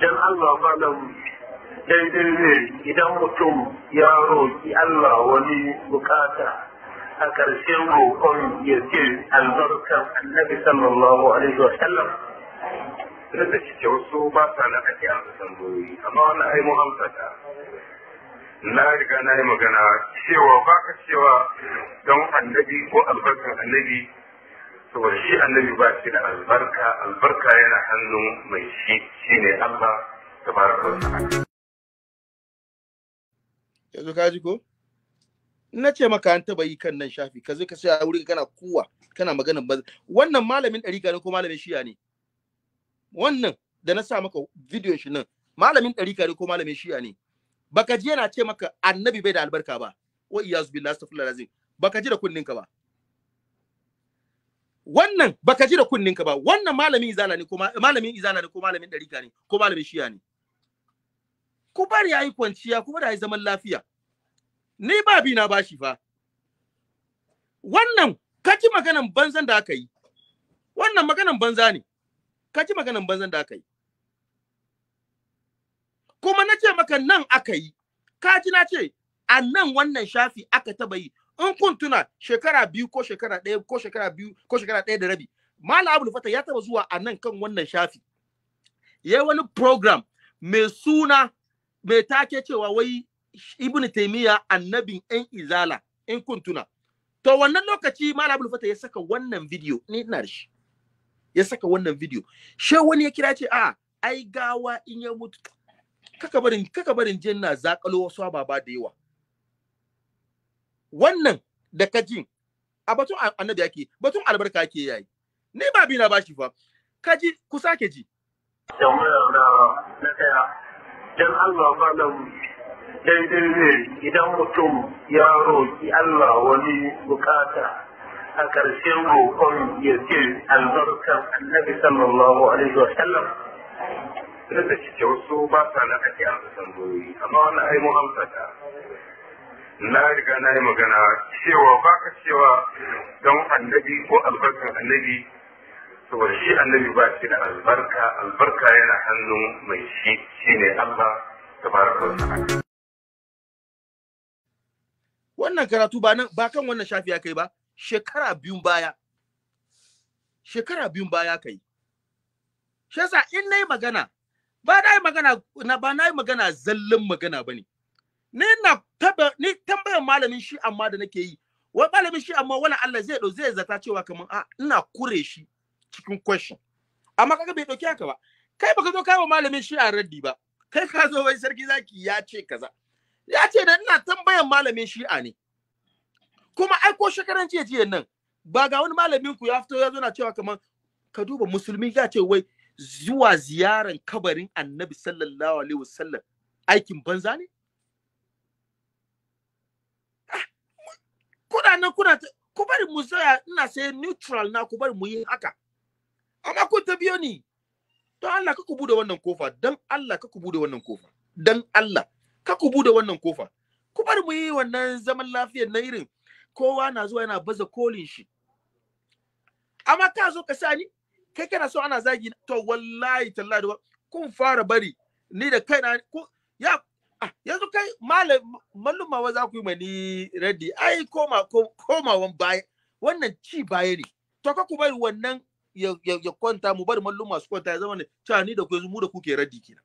Dan Allah malam daidai ne idan mutum ya roƙi Allah wani bukata a ƙarshen roƙon ya ce albarkar annabi sallallahu alaihi wa sallam da cike wasu ba sa na ake amsa tambayoyi amma wani ai mu amsa ta na riga na yi magana cewa ba ka cewa don annabi ko albarkar annabi saboda shi annabi ba shi da albarka albarka yana hannun mai shi ne Allah da wa yanzu ka ji ko na ce maka an taba yi kan nan shafi ka zai ka sai a wuri kana kuwa kana maganan ba wannan malamin ɗari ne ko malamin shiya ne wannan da na sa maka bidiyon shi nan malamin ɗari ne ko malamin shiya ne baka ji yana ce maka annabi bai da albarka ba wa iyazu billahi astaghfirullah lazim baka ji da kunninka ba wannan baka ji da kunninka ba wannan malamin izana ne ko malamin izala ne ko malamin dariƙa ne ko malamin shiya ne ku ya yi kwanciya ku ya yi zaman lafiya ni ba bi na bashi fa wannan ka ji maganan banzan da aka yi wannan maganan banza ne ka ji maganan banzan da aka yi kuma na ce maka nan aka yi ka ji na ce a nan wannan shafi aka taba yi in kun tuna shekara biyu ko shekara ɗaya ko shekara biyu ko shekara ɗaya da rabi malam abul fata ya taba zuwa a nan kan wannan shafi ya wani program mai suna mai take cewa wai ibn taimiyya annabin yan izala in kun tuna to wannan lokaci malam abul fata ya saka wannan video ni ina da shi ya saka wannan video she wani ya kira ce a ai gawa in ya mutu kaka barin kaka barin jinna zakalo wasu ababa da yawa wannan da ka ji a batun annabi yake batun albarka yake yayi ni ba bi na bashi fa ka ji ku sake ji dan Allah ba nan daidai ne idan mutum ya roƙi Allah wani bukata a ƙarshen roƙon ya ce albarkan annabi sallallahu alaihi wa sallam da ta cike wasu ba sa na ake amsa tambayoyi amma wannan ai mu na riga na yi magana cewa ba ka cewa don annabi ko albarkar annabi saboda shi annabi ba shi da albarka albarka yana hannun mai shi shi ne Allah tabaraka wa ta'ala wannan karatu ba nan ba kan wannan shafi ya kai ba shekara biyun baya shekara biyun baya kai shi yasa in nayi magana ba na yi magana ba na yi magana zallan magana bane ni na taba ni tambayar malamin shi amma da nake yi wai malamin shi amma wani Allah zai dau zai zata cewa kaman a ina kure shi cikin question amma kaga bai dauki haka ba kai baka zo kawo malamin shi a raddi ba kai ka zo wai sarki zaki ya ce kaza ya ce da ina tambayan malamin shi'a ne kuma ai ko shekaran jiya jiya nan ba ga wani malamin ku ya fito ya zo cewa kamar ka duba musulmi ya ce wai zuwa ziyaran kabarin annabi sallallahu alaihi wasallam aikin banza ne kuna ku bari mu tsaya ina sai neutral na ku bari mu yi haka amma kun ta biyo ni don Allah ka ku bude wannan kofa don Allah ka ku bude wannan kofa don Allah ka ku bude wannan kofa ku bari mu yi wannan zaman lafiyar na irin kowa na zuwa yana baza kolin shi amma ka zo ka sani kai kana so ana zagi to wallahi tallahi kun fara bari ni da kaina ya Ah, yanzu kai malluma wa za ku yi mani ready ai koma komawan baya wannan ci baya ne to ka ku bari wannan ya kwanta mu bari malluma su kwanta ya zama ne cewa ni da ku yanzu mu da kuke ready kina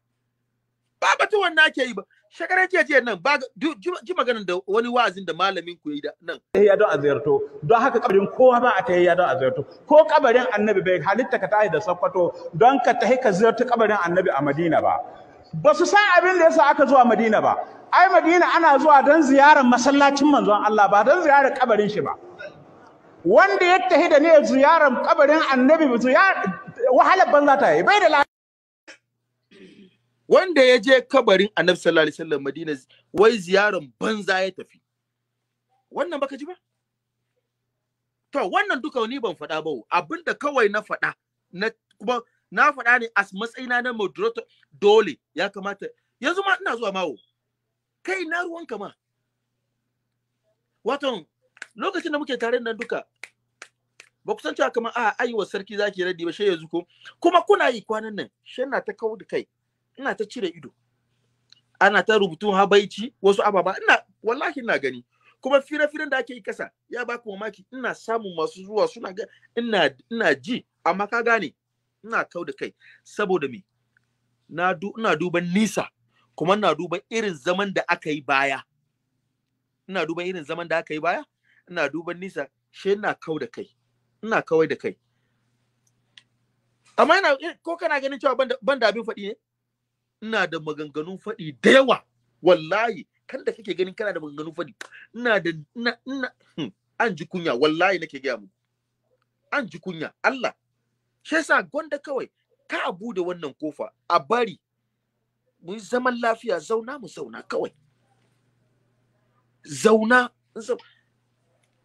ba batun wannan ake yi ba shekaran ce ce nan ba ji maganar da wani wa'azin da malamin ku yi da nan ya don a ziyarto don haka kabarin kowa ba a ta ya don a ziyarto ko kabarin annabi bai halitta ka tahi da sakkwato don ka tahi ka ziyarto kabarin annabi a madina ba ba su san abin da yasa aka zuwa Madina ba ai Madina ana zuwa don ziyarar masallacin manzon Allah ba don ziyarar kabarin shi ba wanda ya tahi da ne ziyarar kabarin annabi wahalar banza ta yi bai da lafiya wanda ya je kabarin annabi sallallahu alaihi wasallam Madina wai ziyarar banza ya tafi wannan baka ji ba to wannan duka ni ban faɗa ba abinda kawai na faɗa na kuma na faɗa ne as matsayina na moderator dole ya kamata yanzu ma ina zuwa mawo kai na ruwan ma waton lokacin da muke tare nan duka ba ku cewa kamar a ah, aiwa sarki zaki radi ba shi yanzu ko kuma kuna yi kwanan nan shi na ta kawo da kai ina ta cire ido ana ta rubutun habaici wasu ababa ina wallahi ina gani kuma fira-firan da ake yi kasa ya ba ku mamaki ina samun masu zuwa suna ga ina ina ji amma ka gane ina kau da kai saboda me na du ina duban nisa kuma ina duban irin zaman da aka yi baya ina duban irin zaman da aka yi baya ina duban nisa shi ina kau da kai ina kawai da kai amma ina eh, ko kana ganin cewa ban da abin faɗi ne ina da maganganun faɗi da yawa wallahi kan da kake ganin kana da maganganun faɗi ina da ina ina hmm, an ji kunya wallahi nake gaya muku an ji kunya Allah shi yasa gwanda kawai ka a bude wannan kofa a bari mu zaman lafiya zauna mu zauna kawai zauna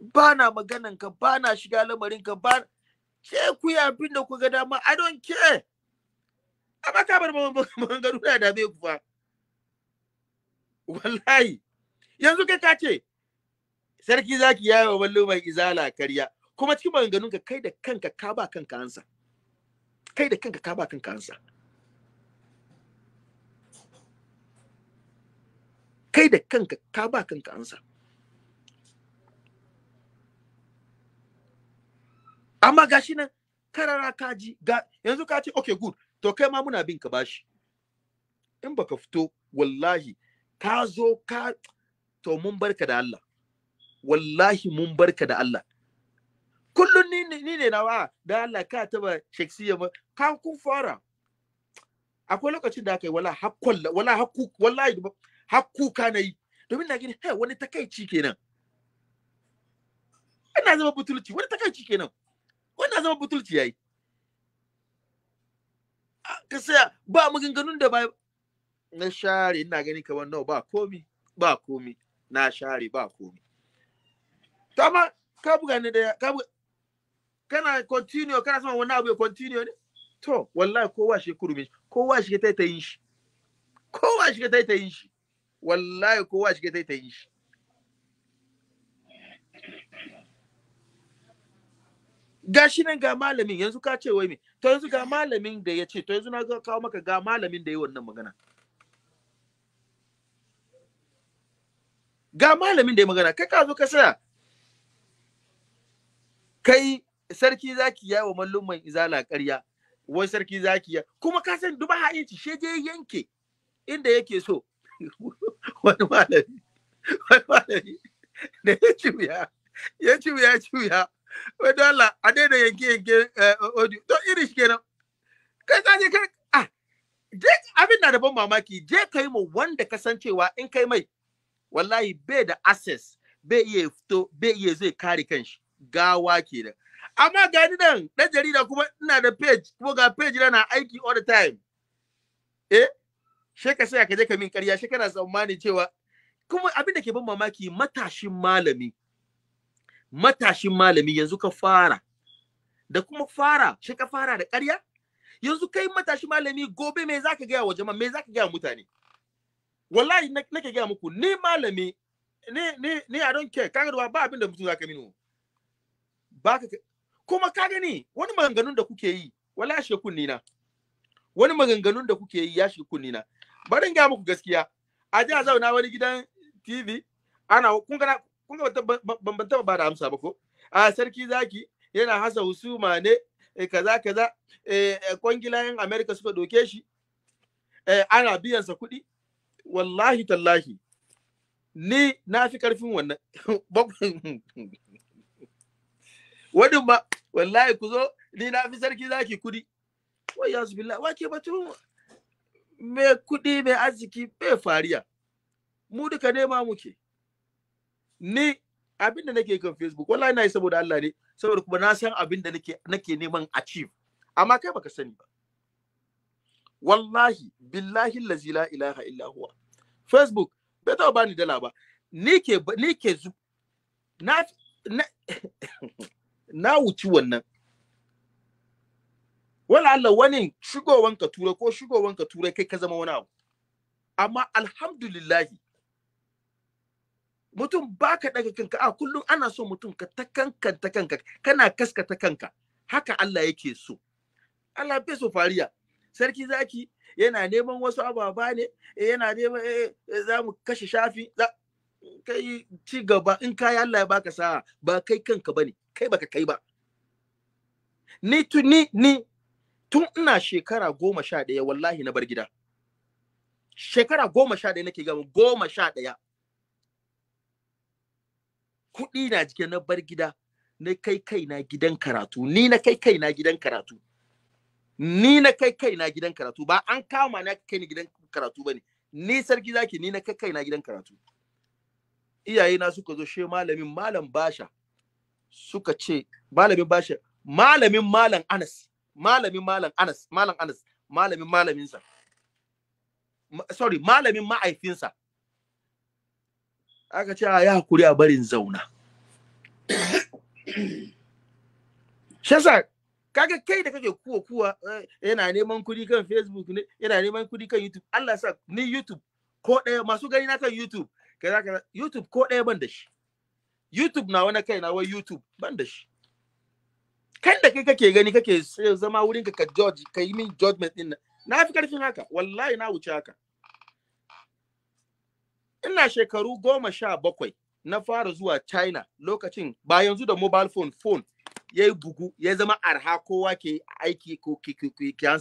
ba na magananka, ba na shiga lamarinka, ka ba ke ku yi abin da ku ga dama i don't care amma ka bar maganganu na dame ku fa wallahi yanzu kai ka ce sarki zaki yawo wallo mai izala karya kuma cikin maganganun ka kai da kanka ka ba kanka ansa kai da kanka ka ba kanka ansa kai da kanka ka ba kanka ansa amma gashi nan karara ka ji ga yanzu ka ce okay good to kai ma muna bin ka bashi in baka fito wallahi ka zo ka to mun barka da Allah wallahi mun barka da Allah kullum ni ne na wa da Allah ka taba shaksiya ma ka kun fara akwai lokacin da aka yi wala hakkon wala hakku wallahi hakku ka na yi domin na gani hey wani takaici kenan ina zama butulci wani takaici kenan wani zama butulci yayi ka saya ba maganganun da ba na share ina gani kamar nawa ba komi ba komi na share ba komi to amma ka buga ni da ka buga kana continue kana sama wani abu ya continue ne to wallahi kowa shi kurbe kowa shi ta ta yin shi kowa shi ta ta yin shi wallahi kowa shi ta ta yin shi gashi nan ga malamin yanzu ka ce wai me to yanzu ga malamin da ya ce to yanzu na kawo maka ga malamin da ya wannan magana ga malamin da ya magana kai ka zo ka saya kai sarki zaki ya wa malluman izala ƙarya wai sarki zaki ya kuma ka san duba ha'inci she je yanke inda yake so wani malami wani malami da ya ciwya ya ciwya ya ciwya wai dole a daina yanke yanke audio eh, to iri shi kenan kai ka kai ah je abin na da ban mamaki je kai mu wanda ka san cewa in kai mai wallahi bai da access bai iya fito bai iya zai kare kanshi gawa kenan amma ga ni nan ɗan jarida kuma ina da page kuma ga page na na aiki all the time eh she ka sai ka je ka min ƙarya she kana tsammani cewa kuma abin da ke ban mamaki matashin malami matashin malami yanzu ka fara da kuma fara shi ka fara da ƙarya yanzu kai matashin malami gobe me zaka gaya wa jama'a me zaka gaya mutane wallahi nake gaya muku ni malami ni ni ni I don't care kaga ba abin da mutum zaka minu baka kuma ka gani wani maganganun da kuke yi wala ya shekun nina wani maganganun da kuke yi ya shekun nina? na bari ga muku gaskiya a ji a zauna wani gidan TV ana kun ga kun ga taba ba da amsa ba ko a sarki zaki yana hasa husuma ne eh, kaza kaza eh, eh kwangilayen America suka doke shi eh ana biyan sa kuɗi wallahi tallahi ni na fi karfin wannan wadin ba wallahi ku zo ni na fi sarki zaki kudi wai ya Wa ke batu me kudi me arziki me fariya mu duka nema muke ni abin da nake kan facebook wallahi na yi saboda Allah ne saboda kuma na san abin da nake nake neman achieve amma kai baka sani ba wallahi billahi lazi la ilaha illa huwa facebook bai taɓa bani dala ba ni ke ni ke na na wuci wannan wala Allah wani shigowan ka tura ko shigowan ka tura kai ka zama wani abu amma alhamdulillahi mutum baka daga kanka a kullum ana so mutum ka ta kanka ta kanka kana kaskata kanka haka Allah yake so Allah bai so fariya sarki zaki yana neman wasu ababa ne eh, yana neman eh, eh, zamu mu kashe shafi kai ci gaba in kai Allah ya baka sa'a ba kai kanka bane kai baka kai ba ni tuni ni tun ina shekara goma sha ɗaya wallahi na bar gida shekara goma sha ɗaya nake gama goma sha ɗaya kuɗi na jike na bar gida na kai kaina gidan karatu ni na kai kaina gidan karatu ni na kai kaina gidan karatu ba an kama na kai ni gidan karatu bane ni sarki zaki ni na kai kaina gidan karatu iyayena suka zo she malamin malam basha suka ce malamin basha malamin malam anas malamin malam anas malam anas malamin malaminsa sorry malamin ma'aifinsa aka ce ya hakuri a barin zauna shasa kaga kai da kake kuwa kuwa eh, yana neman kuɗi kan facebook ne yana neman kuɗi kan youtube allah sa ni youtube ko ɗaya masu gani na kan youtube kai zaka YouTube ko ɗaya ban da shi YouTube na wani kai na wai YouTube ban da shi kan da kai kake gani kake zama wurin ka judge ka yi min judgment din na fi karfin haka wallahi na wuce haka ina shekaru goma sha bakwai na fara zuwa China lokacin ba yanzu da mobile phone phone ya yi bugu ya zama arha kowa ke aiki ko ke ba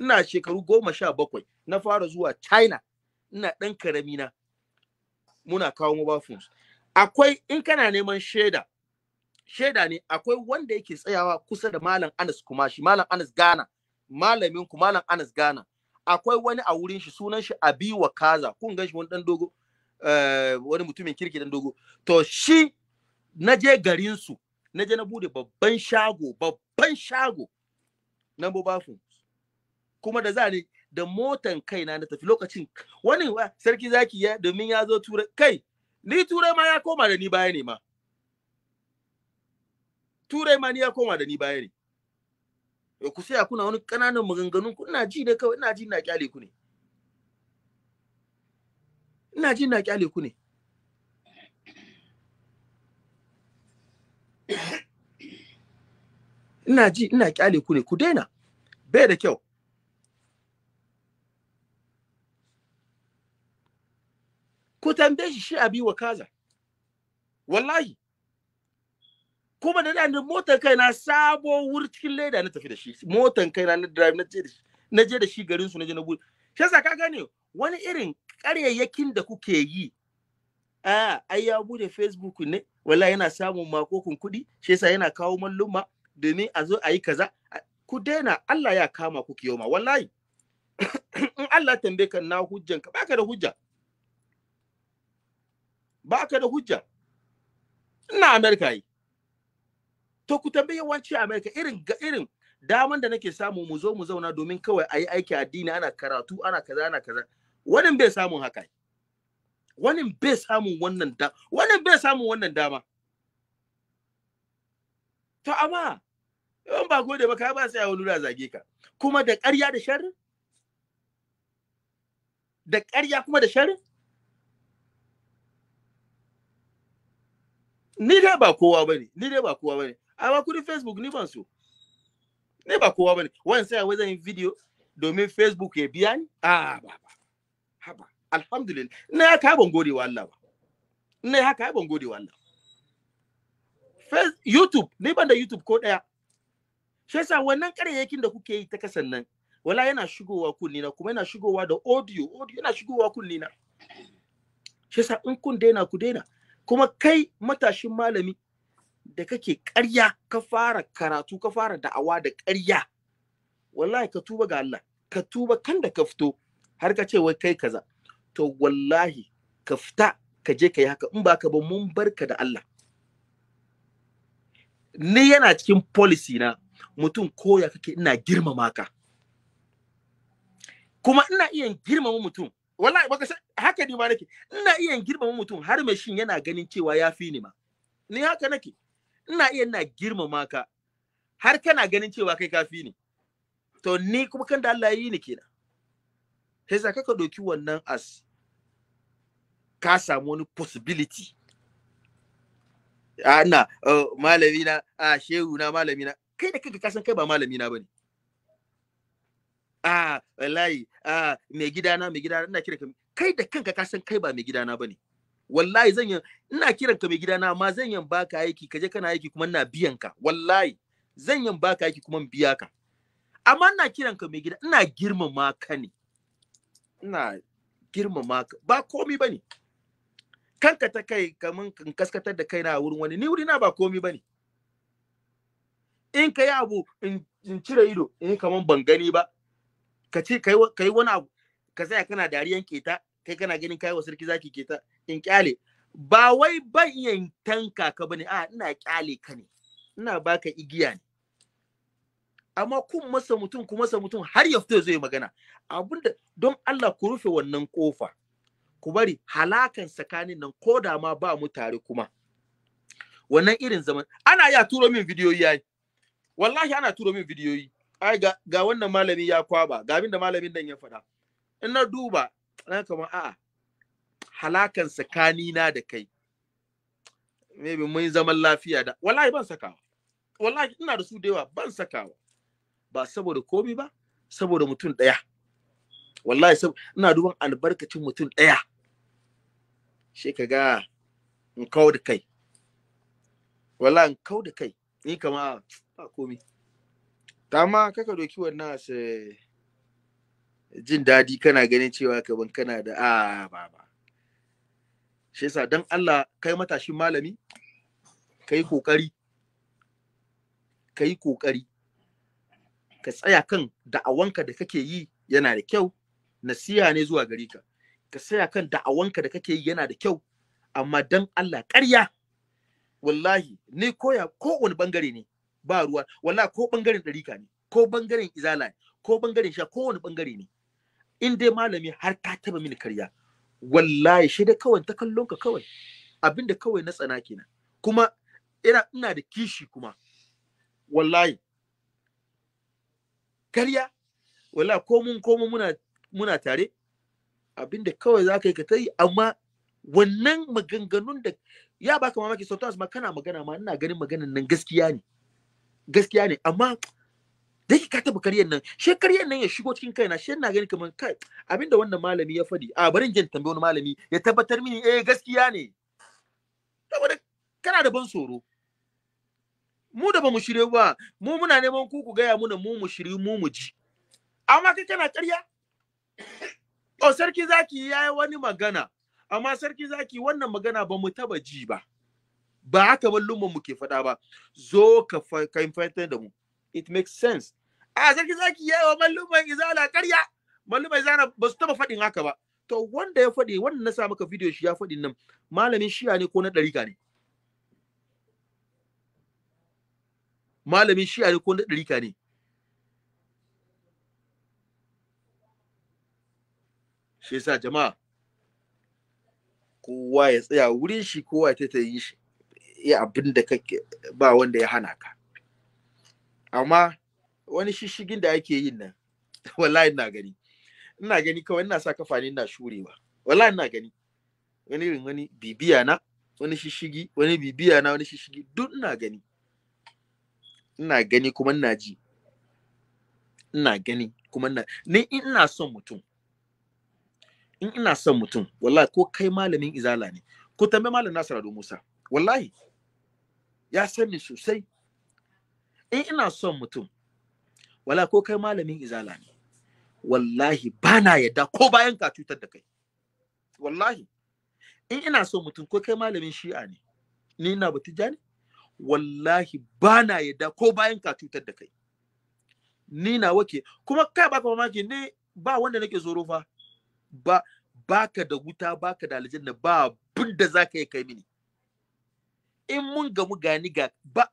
ina shekaru goma sha bakwai na fara zuwa China ina ɗan karami na muna kawo mobile phones akwai in kana neman shaida shaida ne akwai wanda yake tsayawa kusa da malam Anas kuma shi malam Anas Ghana malamin ku malam Anas Ghana akwai wani a wurin shi sunan shi Abiwa Kaza kun gan shi wani dan dogo eh, wani mutumin kirki dan dogo to shi na je garin su na je na bude babban shago babban shago na mobile phones kuma da za ni da motan kaina na tafi lokacin wani sarki zaki ya domin ya zo turai kai ni turai ma ya koma da ni baya ne ma turai ma ni ya koma da ni baya ne eh, ku sai kuna wani kananan maganganun ku ina ji ne kawai ina ji na kyale ku ne ina ji na kyale ku ne ina ji ina kyale ku ne ku daina bai da kyau ku tambaye shi shi abi wa kaza wallahi kuma da motar kai na sabo wuri cikin leda na tafi da shi motan kai na drive na je da shi na je da shi garin su na je na gudu shi yasa ka gane wani irin ƙaryayyakin da kuke yi a ai ya bude facebook ne wallahi yana samun makokun kuɗi shi yasa yana kawo malluma domin a zo a yi kaza ku daina Allah ya kama ku kiyoma wallahi in Allah tambaye ka na hujjanka baka da hujja ba ka da hujja ina amerika yi to ku tambayi yawanci amerika irin ga irin daman da nake samu mu zo mu zauna domin kawai a yi aiki addini ana karatu ana kaza ana kaza wani bai samun haka wani bai samun wannan da wani bai samun wannan dama to amma in ba gode ba kai ba sai wani da zage ka kuma da ƙarya da sharri da ƙarya kuma da sharri ni dai ba kowa bane ni dai ba kowa bane amma kudin facebook ni ban so ni ba kowa bane wani sai wai zan video domin facebook ya biya ni a ba ba haba alhamdulillah ina haka ban gode wa Allah ba ina haka ban gode wa Allah YouTube ni ban da YouTube ko daya shi yasa wannan ƙarayyakin da kuke yi ta kasan nan wala yana shigowa kunni na kuma yana shigowa da audio audio yana shigowa kunni na shi yasa in kun daina ku daina kuma kai matashin malami da kake ƙarya ka fara karatu ka fara da'awa da ƙarya wallahi ka tuba ga Allah ka tuba kan da ka fito har ka ce wai kai kaza to wallahi ka fita ka je ka haka in ba ka ba mun barka da Allah ni yana cikin policy na mutum koya kake ina girmama ka kuma ina iya girmama mutum wallahi baka haka ni ma nake ina iya girmama mutum har mashin yana ganin cewa ya fi ni ma ni haka nake ina iya ina girmama ka har kana ganin cewa kai ka fi ni to ni kuma kan da Allah yi ni kenan sai sa kaka doki wannan as ka samu wani possibility ana ah, eh, malami na a ah, shehu na malami na kai da kanka kasan kai ba malami na bane a wallahi a mai gidana mai gidana ina kiranka kai da kanka ka san kai ba mai gidana bane wallahi zan yi ina kiranka mai gidana amma zan yan baka aiki ka je kana aiki kuma ina biyan ka wallahi zan yan baka aiki kuma in biya ka amma ina kiranka mai gida ina girmama ka ne ina girmama ka ba komi bane kanka ta kai kaman kan kaskatar da kaina wurin wani ni wuri na ba komi bane in ka yi abu in cire ido in eh, kaman ban gani ba ka ce kai kai wani abu ka tsaya kana dariyan keta kai kana ganin kai wa sarki zaki keta in kyale ba wai ban iya tanka ka bane a ina kyale ka ne ina baka igiya ne amma kun masa mutum kuma masa mutum har ya fito zai magana abinda don Allah ku rufe wannan kofa ku bari halakan tsakanin nan ko da ma ba mu tare kuma wannan irin zaman ana ya turo min bidiyoyi yayi wallahi ana turo min bidiyoyi ai ga, ga wannan malami ya kwaba ga abin da malamin nan ya faɗa in na duba na kama a'a halakan tsakani na da kai maybe mun zaman lafiya da wallahi ban sakawa wallahi ina da su da yawa ban sakawa ba saboda komi ba saboda mutum ɗaya wallahi sab ina duban albarkacin mutum ɗaya shi ka ga in kawo da kai wallahi in kawo da kai ni kama ba komi Tama kaka doki wannan as eh, jin daɗi kana ganin cewa kaban kana da a ba ba shi yasa dan Allah kai matashin malami kai kokari kai kokari ka tsaya kan da'awanka da kake yi yana da kyau nasiha ne zuwa gare ka ka tsaya kan da'awanka da kake yi yana da kyau amma dan Allah ƙarya wallahi ni koya kowane bangare ne ba ruwa walla ko bangaren ɗarika ne ko bangaren izala ne ko bangaren sha ko wani bangare ne in dai malami har ta taba mini karya wallahi shi da kawai ta kallon ka kawai abinda kawai na tsana kenan kuma ina ina da kishi kuma wallahi karya wallahi ko mun ko muna muna tare abinda kawai za ka yi ka ta'i, amma wannan maganganun da ya baka mamaki sometimes ma kana magana ma ina ganin maganan nan gaskiya ne gaskiya ne amma da yake ka taba karyar nan she karyar nan ya shigo cikin kaina she ina gani kamar kai abinda wannan malami ya faɗi a barin jin tambayi wani malami ya tabbatar mini eh gaskiya ne saboda kana da ban tsoro mu da ba mu shirye ba mu muna neman ku ku gaya muna mu mu shiri mu mu ji amma kai kana karya o oh, sarki zaki yayi wani magana amma sarki zaki wannan magana ba mu taba ji ba ba haka mallumman mu ke faɗa ba zo ka fahimtar da mu it makes sense a sarki zaki wa mallumman izala ƙarya mallumman izala ba su taɓa faɗin haka ba to wanda ya faɗi wannan na sa maka video shi ya faɗi nan malamin shiya ne ko na ɗarika ne malamin shiya ne ko na ɗarika ne shi yasa jama'a kowa ya tsaya wurin shi kowa ya tattayi yi shi iya abin da kake ba wanda ya hana ka amma wani shishigin da ake yin nan wallahi ina gani ina gani kawai ina sa kafa ne ina shurewa wallahi ina gani wani irin wani bibiya na wani shishigi wani bibiya na wani shishigi duk ina gani ina gani kuma ina ji ina gani kuma ina ni ina son mutum in ina son mutum wallahi ko kai malamin izala ne ko tambayi malam Nasir Ado Musa wallahi ya san ni sosai in ina son mutum wala ko kai malamin izala ne wallahi ba na yadda ko bayan ka cutar da kai wallahi in ina son mutum ko kai malamin shi'a ne ni ina batija ne wallahi ba na yadda ko bayan ka cutar da kai ni na wake kuma kai baka mamaki ne ba wanda nake zoro fa ba baka da wuta baka da aljanna ba abin da zaka yi kai mini in mun gamu gani ga ba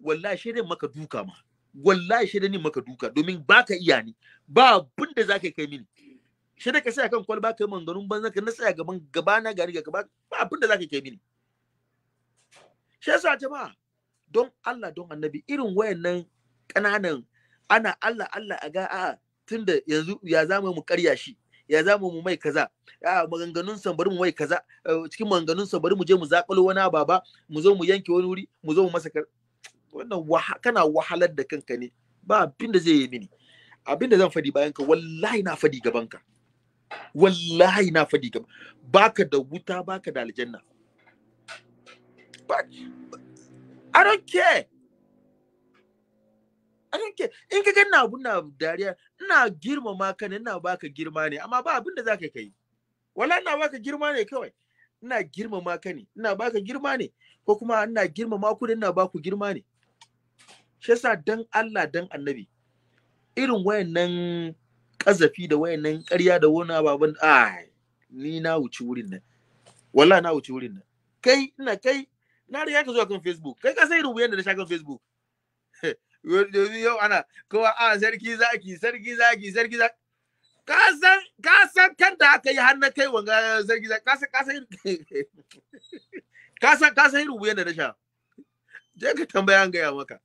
wallahi shi maka duka ma wallahi shi ni maka duka domin baka iya ni ba abin da zaka kai mini shi da ka sai kan kwalba kai manganun banza ka na tsaya gaban gabana gari ga gaba ba abin da zaka kai mini shi yasa jama'a don Allah don annabi irin wayannan ƙananan ana Allah Allah a ga a'a tunda yanzu ya zama mu karya shi ya za mu mai kaza a maganganun san bari mu mai kaza cikin maganganun san bari mu je mu zakalo wani ababa mu zo mu yanke wani wuri mu zo mu masa wannan kana wahalar da kanka ne ba abin da zai yi mini abin da zan fadi bayan ka wallahi na fadi gaban ka wallahi na fadi gaban baka da wuta baka da aljanna I don't care I don't care in ka ganna abun na dariya ina girmama ka ne ina baka girma ne amma ba abin da zaka kai wala ina baka girma ne kawai ina girmama ka ne ina baka girma ne ko kuma ina girmama ku ne ina baku girma ne shi yasa dan Allah dan Annabi irin wayannan kazafi da wayannan ƙarya da wani baban, ai ni na wuce wurin nan wala na wuce wurin nan kai ina kai na riga ka zuwa kan Facebook kai ka sai irin wuyan da na sha kan Facebook domin yau ana kowa a sarki zaki sarki zaki sarki zaki ka san ka san kan da aka yi har na kai wanga sarki zaki ka san ka san ka san ka san rubu yadda na sha je ka tambaya an gaya maka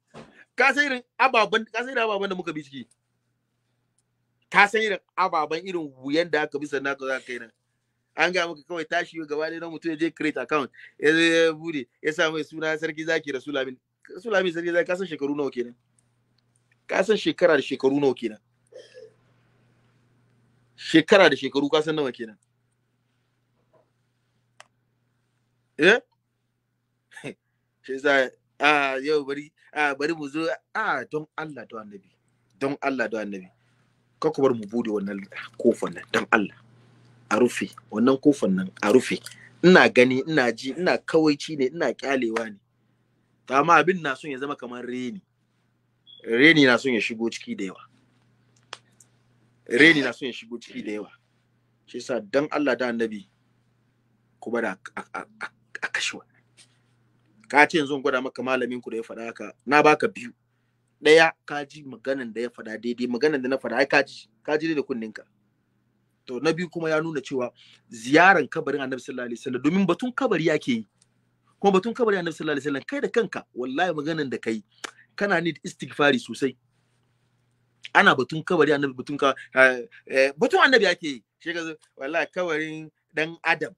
ka san irin ababen ka san irin ababen da muka bi ciki ka san irin ababen irin wuyan da aka bi sannan ka za ka yi nan an gaya maka kawai tashi gaba ɗaya na mutum ya je create account ya bude ya samu suna sarki zaki rasulamin rasulamin sarki zaki ka san shekaru nawa kenan ka san shekara da shekaru nawa kenan shekara da shekaru ka san nawa kenan eh shi a yau bari a bari mu zo a don Allah don annabi don Allah don annabi ka ku bar mu bude wannan kofar nan don Allah a rufe wannan kofar nan a rufe ina gani ina ji ina kawaici ne ina kyalewa ne ta amma abin na son ya zama kamar reni reni na son ya shigo ciki da yawa reni na son ya shigo ciki da yawa shi yasa dan Allah da annabi ku bada a kashe wa ka ce yanzu gwada maka malamin ku da ya faɗa haka na baka biyu ɗaya ka ji maganan da ya faɗa daidai maganan da na faɗa ai ka ji ka ji da kunninka to na biyu kuma ya nuna cewa ziyaran kabarin annabi sallallahu alaihi wasallam domin batun kabari yake yi kuma batun kabari annabi sallallahu alaihi wasallam kai da kanka wallahi maganan da kai kana need istighfari sosai ana batun kabari annabi batun ka eh, eh, batun annabi ake shi ga wallahi kabarin dan adam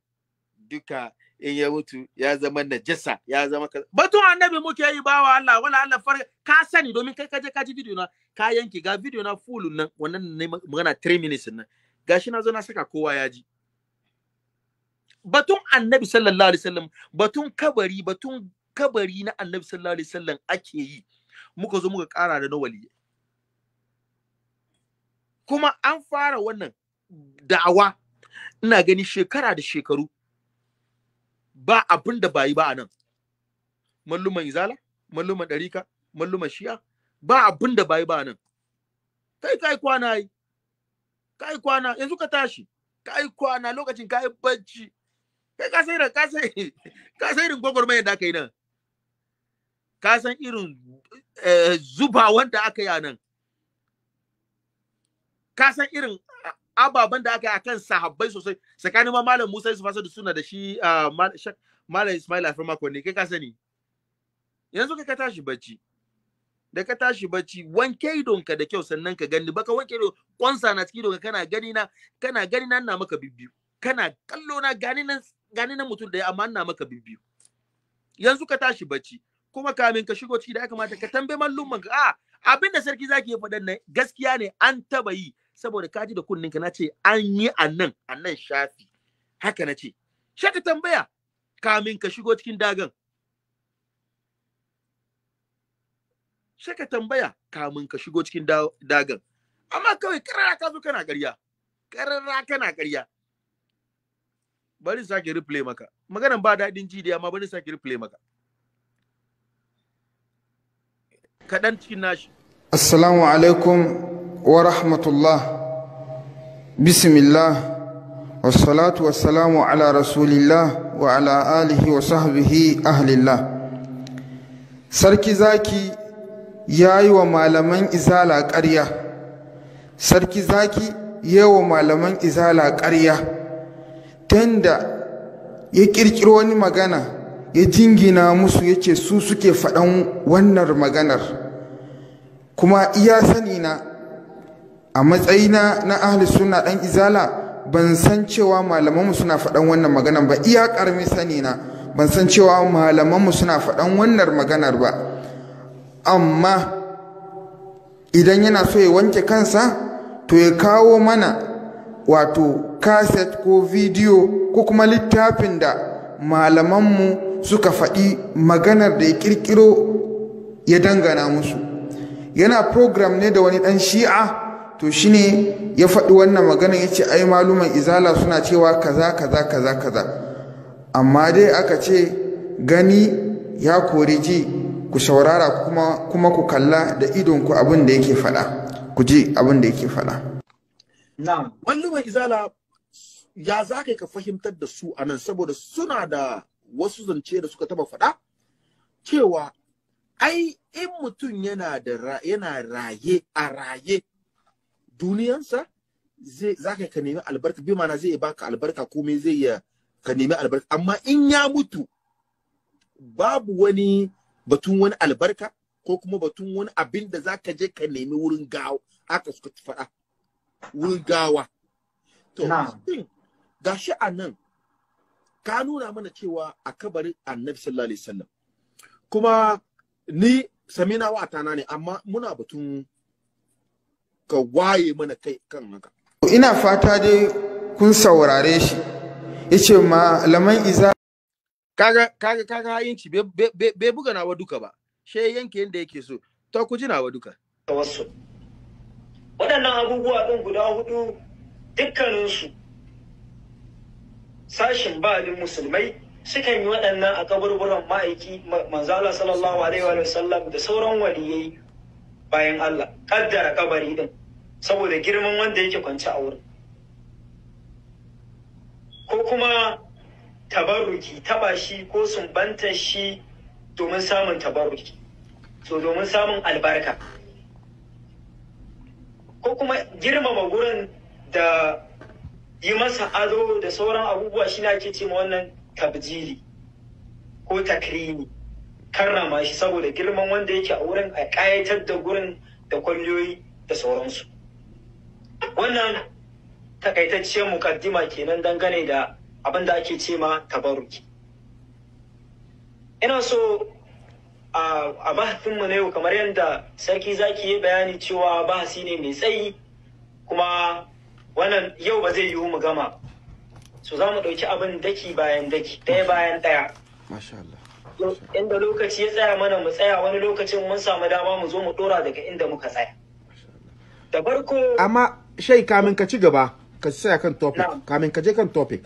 duka in ya mutu ya zama najasa ya zama batun annabi muke yi bawa Allah wala Allah far ka sani domin kai kaje ka ji video na ka yanke ga video na full nan wannan ne magana 3 minutes nan gashi na zo na saka kowa ya ji batun annabi sallallahu alaihi wasallam batun kabari batun kabari na annabi sallallahu alaihi wasallam ake yi muka zo muka ƙara da na waliyai kuma an fara wannan da'awa ina gani shekara da shekaru ba abin da bayi ba a nan malluman izala malluman ɗarika malluman shiya ba abin da bayi ba a nan kai kai kwana yi kai kwana yanzu ka tashi kai kwana lokacin kai bacci kai ka sai ka sai ka sai gwagwarmayar da kai nan ka san irin eh, zuba wanda aka yi nan ka san irin ababen da aka yi akan sahabbai sosai tsakanin ma malam Musa Yusuf da suna da shi ah, malam Ismail Afir mako ne kai ka sani yanzu kai ka tashi bacci da ka tashi bacci wanke idonka da kyau sannan ka gani baka wanke idon kwansa na cikin idonka kana gani na kana gani na ina maka bibbiyu kana kallo na gani nan gani na mutum da amma ina maka bibbiyu yanzu ka tashi bacci kuma kamin ka shigo ciki da ya kamata ka tambayi mallumman ka a ah, abinda sarki zaki ya faɗan nan gaskiya ne an taba yi saboda ka ji da kunninka na ce an yi annan annan shafi haka na ce shaka tambaya kamin ka shigo cikin dagan shaka tambaya kamin ka shigo cikin dagan amma kawai karara ka zo kana ƙarya karara kana ƙarya bari sake replay maka maganan ba daɗin ji da amma bari sake replay maka kaɗan cikin nashi assalamu alaikum wa rahmatullah bismillah wassalatu wassalamu ala rasulillah wa ala alihi wa sahbihi ahlillah sarki zaki ya yi wa malaman izala ƙarya sarki zaki ya wa malaman izala ƙarya tanda ya ƙirƙiro wani magana ya jingina musu ya ce su suke faɗan wannan maganar kuma iya sani na a matsayina na ahli suna ɗan izala ban san cewa malamanmu suna faɗan wannan maganar ba iya ƙarmi sani na ban san cewa malamanmu suna faɗan wannan maganar ba amma idan yana so ya wanke kansa to ya kawo mana wato kaset ko bidiyo ko kuma littafin da malamanmu suka faɗi maganar da ya ƙirƙiro ya dangana musu yana program ne da wani ɗan shi'a to shi ne ya faɗi wannan maganan ya ce ai maluman izala suna cewa kaza kaza kaza kaza amma dai aka ce gani ya kori ji ku saurara kuma kuma ku kalla da idonku abin da yake faɗa ku ji abin da yake faɗa na'am maluman izala ya za ka fahimtar da su anan saboda suna da wasu zance da suka taba faɗa cewa ai in mutum yana da yana raye a raye duniyansa zai zaka ka nemi albarka bi mana zai baka albarka komai zai ya ka nemi albarka amma in ya mutu babu wani batun wani albarka ko kuma batun wani abin da zaka je ka nemi wurin gawa aka suka faɗa wurin gawa to gashi a nan ka nuna mana cewa a kabarin annabi sallallahu alaihi wasallam kuma ni samina wa tana ne amma muna batun ka waye mana kai kan haka ina fata dai kun saurare shi yace laman iza kaga kaga kaga hayinci bai buga nawa duka ba she yanke yanda yake so to ku ji nawa duka wasu waɗannan abubuwa ɗin guda hudu dukkaninsu sashin balin musulmai sukan yi waɗannan a kaburburan ma'aiki manzala sallallahu alaihi wa sallam da sauran waliyai bayan Allah kaddara kabari din saboda girman wanda yake kwance a wurin ko kuma tabarruki taba shi ko sumbantar shi domin samun tabarruki so domin samun albarka ko kuma girmama gurin da yi masa ado da sauran abubuwa shi na ake ce wannan tabjili ko takrimi karrama shi saboda girman wanda yake a wurin a ƙayatar da gurin da kwalliyoyi da sauransu wannan takaitacciyar mukaddima kenan dangane da abin da ake ce ma tabaruki ina so a bahasinmu na yau kamar yadda sarki zaki yi bayani cewa bahasi ne mai tsayi kuma wannan yau ba zai yiwu mu gama su za mu ɗauki abin daki bayan daki ɗaya bayan ɗaya inda lokaci ya tsaya mana mu tsaya wani lokacin mun samu dama mu zo mu ɗora daga inda muka tsaya da farko amma shai kamin ka ci gaba ka tsaya kan topic kamin ka je kan topic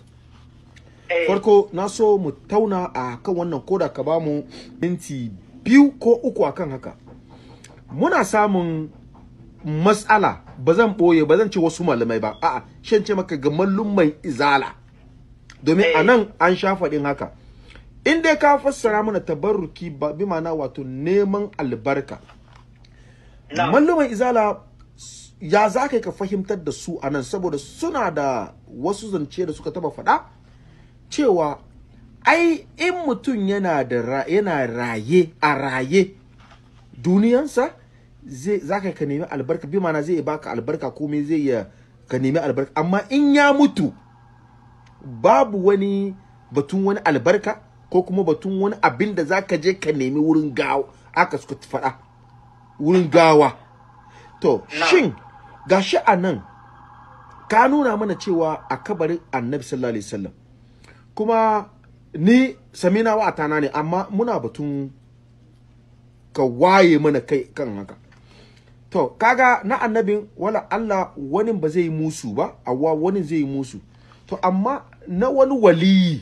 eh. farko na so mu tauna a kan wannan koda ka bamu mu minti biyu ko uku a kan haka muna samun matsala ba zan ɓoye ba zan ce wasu malamai ba a'a shan ce maka ga mallum'ai izala domin eh. a nan an sha faɗin haka in dai ka fassara mana tabarruki bi mana wato neman albarka malluman izala ya za ka ka fahimtar da su a nan saboda suna da wasu zance da suka taba faɗa cewa ai in mutum yana da yana raye a raye duniyansa zai za ka nemi albarka bi mana zai baka albarka komai zai ya ka nemi albarka amma in ya mutu babu wani batun wani albarka ko kuma batun wani abin da zaka je ka nemi wurin gawa aka suka faɗa wurin gawa to shin gashi a nan ka nuna mana cewa a kabarin annabi sallallahu alaihi wasallam kuma ni samina wa atana ne amma muna batun ka waye mana kai kan haka to kaga na annabin wala Allah wani ba zai musu ba awa wani zai musu to amma na wani waliyi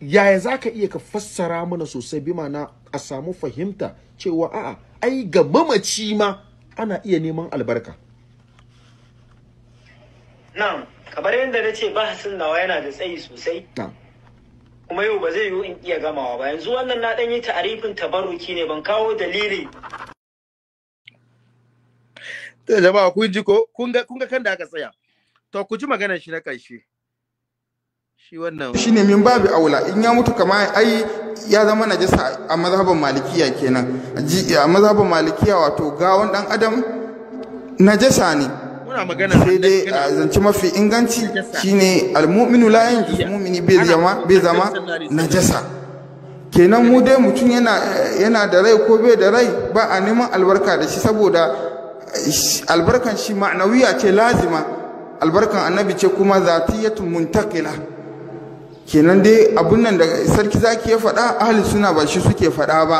yaya za ka iya ka fassara mana sosai bi mana a samu fahimta cewa a'a ai ga mamaci ma ana iya neman albarka na kamar yadda na ce ba bahasin nawa yana da tsayi sosai kuma yau ba zai yiwu in iya gamawa ba yanzu wannan na ɗanyi tarifin ta'arifin tabaruki ne ban kawo dalili da eh, jama'a kun ji ko kun ga kan da aka tsaya To ku ji maganar shi na ƙarshe. Shi wannan. Shi ne min babu aula in ya mutu kama ai ya zama najasa a mazhabin malikiya kenan. A mazhabin malikiya wato gawon ɗan adam najasa ne. Muna magana sai dai a zance mafi inganci shine almu'minu la yanjus mu'mini bai zama bai zama najasa. Kenan mu dai mutum yana da rai ko bai da rai ba a neman albarka da shi saboda albarkan shi ma'anawiya ce lazima albarkan annabi ce kuma zatiyatun muntakila kenan dai abun nan da sarki zaki ya faɗa ahli suna ba shi suke faɗa ba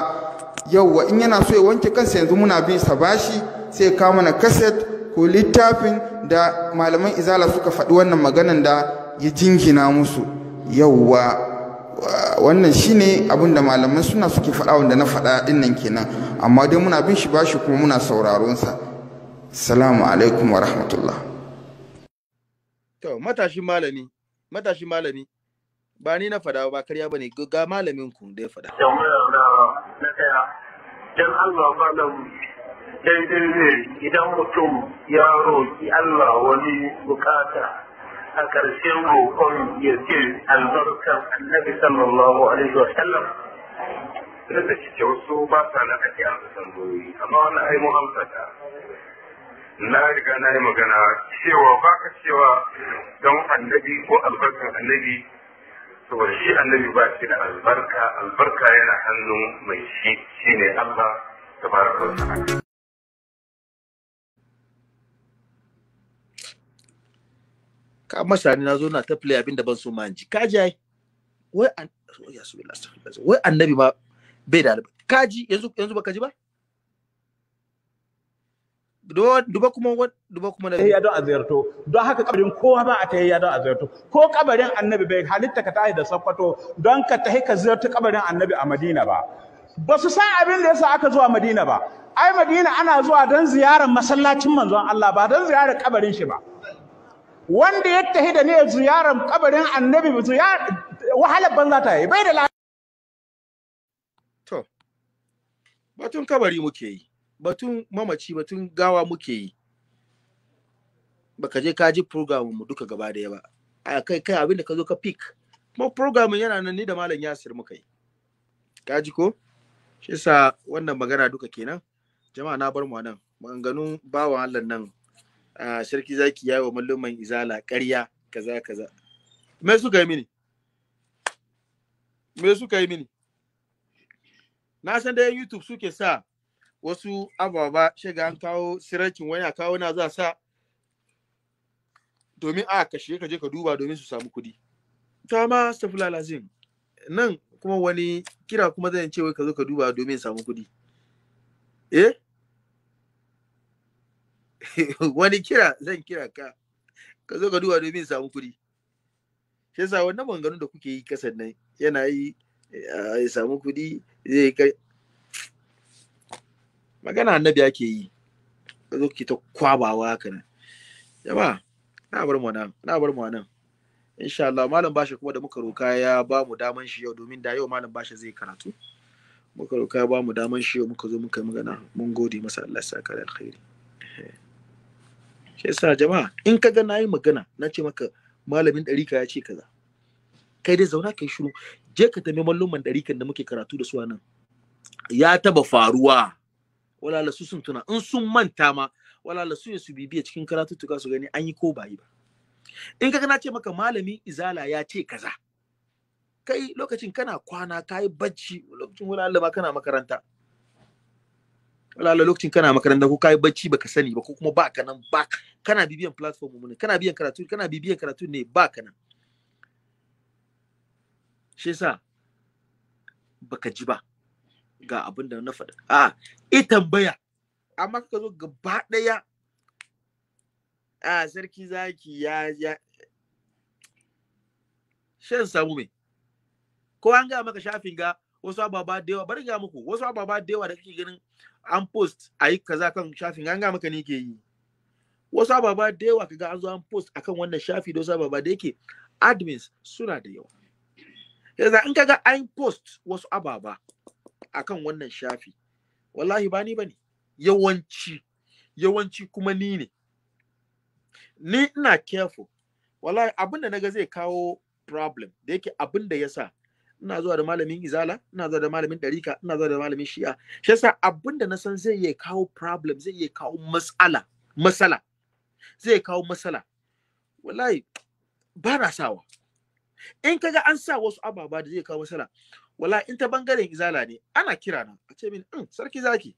yauwa in yana so ya wanke kansa yanzu muna bin sa bashi sai ka mana kaset ko littafin da malaman izala suka faɗi wannan maganan da ya jingina musu yauwa wannan shine abin da malaman suna suke faɗa wanda na faɗa ɗin nan kenan amma dai muna bin shi bashi kuma muna sauraron sa salamu alaikum wa rahmatullah To, matashi malami, matashi malami, ba ni na fada ba karya ba ne ga malamin ku da ya fada. Dan Allah ba nan daidai ne idan mutum ya roƙi Allah wani bukata a ƙarshen roƙon ya ce albarkar annabi sallallahu alaihi wa sallam da ta cike wasu ba sa na ake amsa tambayoyi amma wannan ai mu amsa na riga na yi magana cewa ba ka cewa don annabi ko albarkar annabi saboda shi annabi ba shi da albarka albarka yana hannun mai shi shine Allah tabaraka wa ta'ala ka masani na zo na ta play abinda ban so ma ji ka ai wai an wai annabi ma bai da albarka kaji yanzu yanzu baka ji ba duba kuma duba kuma da eh, ya don a ziyarto don haka kabarin kowa ba a ta ya don a ziyarto ko kabarin annabi bai halitta ka tahi da sakwato don ka tahi ka ziyarto kabarin annabi a madina ba ba su san abin da yasa aka zuwa madina ba ai madina ana zuwa don ziyarar masallacin manzon Allah ba don ziyarar kabarin shi ba wanda ya tahi da ne ziyarar kabarin annabi ziyarar wahalar banza ta yi bai da to batun kabari muke yi batun mamaci batun gawa muke yi baka je ka ji program mu duka gaba da ba a kai kai da ka zo ka pick kuma program yana nan ni da malam Yasir muka yi ka ji ko shi sa wannan magana duka kenan jama'a na bar mu nan maganganun bawan Allah nan a sarki zaki yayi wa malluman izala ƙarya kaza kaza me su kai mini me su yi mini na san da youtube suke sa wasu ababa shiga an kawo sirancin wani a kawo na za sa domin a kashe ka je ka duba domin su samu kuɗi ta ma stafula lazim nan kuma wani kira kuma zan ce wai ka zo ka duba domin samu kuɗi eh wani kira zan kira ka ka zo ka duba domin samu kuɗi shi yasa wannan maganganun da kuke yi kasan nan yana yi eh, ya samu kuɗi zai kai magana annabi yake yi ka zo ki ta kwabawa haka nan yaba na bar mu nan na bar mu nan insha Allah malam bashi kuma da muka roka ya ba mu daman shi yau domin da yau malam bashi zai karatu muka roka ya ba mu daman shi yau muka zo muka yi magana mun gode masa Allah ya saka da alkhairi eh. shi yasa jama'a in ka ga nayi magana na ce maka malamin ɗarika ya ce kaza kai dai zauna kai shiru je ka tambayi malluman ɗarikan da muke karatu da su nan ya taba faruwa walala su sun tuna in sun manta ma walala su su bibiya cikin karatuttuka su gani an yi ko ba yi ba in ka kana ce maka malami izala ya ce kaza kai lokacin kana kwana ka yi bacci lokacin la ma kana makaranta walala lokacin kana makaranta ko ka yi bacci baka sani ba ko kuma ba ka nan ba kana bibiyan platform mu ne kana bibiyan karatu kana bibiyan karatu ne ba ka nan shi yasa baka ji ba ga abin da na faɗa a i tambaya amma ka zo gaba ɗaya a sarki zaki ya ya shan samu me ko an gaya maka shafin ga wasu ababa da yawa bari ga muku wasu ababa da yawa da kake ganin an post a yi kaza kan shafin an gaya maka ne ke yi wasu ababa da yawa kaga an zo an post akan wannan shafi da wasu ababa da yake admins suna da yawa yanzu in kaga an post wasu ababa akan wannan shafi wallahi ba ni ne. yawanci yawanci kuma ni ne ni ina careful wallahi abin da naga zai kawo problem da yake abin da yasa ina zuwa da malamin izala ina zuwa da malamin ɗarika ina zuwa da malamin shi'a shi yasa abin da na san zai iya kawo problem zai iya kawo matsala matsala zai kawo matsala wallahi ba na sawa in kaga an sa wasu ababa da zai kawo matsala wala in ta bangaren izala ne ana kira na a ce min um, mm, sarki zaki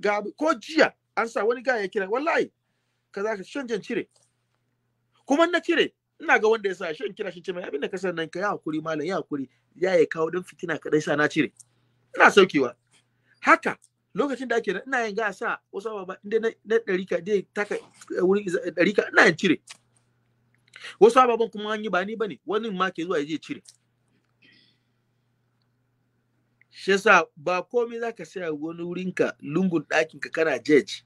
ga ko jiya an sa wani gaya kira wallahi ka ka shan jan cire kuma na cire ina ga wanda ya sa shan kira shi ce mai abin da ka san nan ka ya hakuri malam ya hakuri ya ya kawo dan fitina dai sa na cire ina saukewa haka lokacin da ake ina yin gasa wasu baba inda na ɗarika dai taka eh, wurin eh, ɗarika ina yin cire wasu ababen kuma an yi ba ni bane wani ma ke zuwa ya je cire shi yasa ba komai za ka saya wani wurinka lungun ɗakinka kana jeji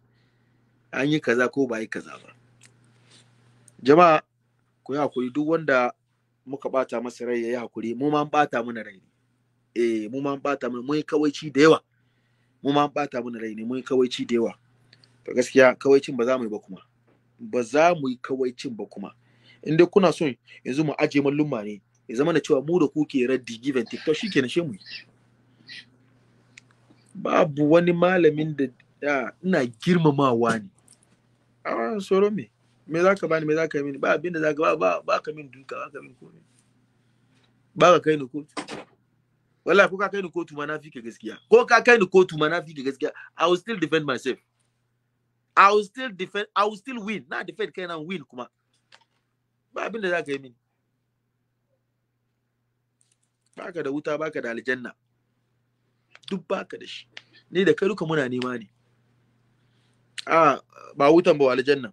an yi kaza ko ba yi kaza ba jama'a ku yi hakuri duk wanda muka bata masa rai ya yi hakuri mu ma bata mana rai ne eh mu ma bata mana mun kawaici da yawa mu ma bata mana rai ne mun kawaici da yawa to gaskiya kawaicin ba za mu yi ba kuma ba za mu yi kawaicin ba kuma in dai kuna son yanzu mu aje mallumma ne ya zama da cewa mu da ku ke raddi given tiktok shikenan shi mu yi babu wani malamin da ina girmamawa ne a soro me me za ka bani me za ka yi mini ba abinda za ka ba ba ka min duka ba ka min komai ba ka kai ni kotu wallahi ko ka kai ni kotu ma na fi ka gaskiya ko ka kai ni kotu ma na fi ka gaskiya i will still defend myself i will still defend i will still win na defend kai na win kuma ba abinda za ka yi mini ka da wuta ba ka da aljanna duk baka da shi ni da kai duka muna nema ne a ba wutan ba aljanna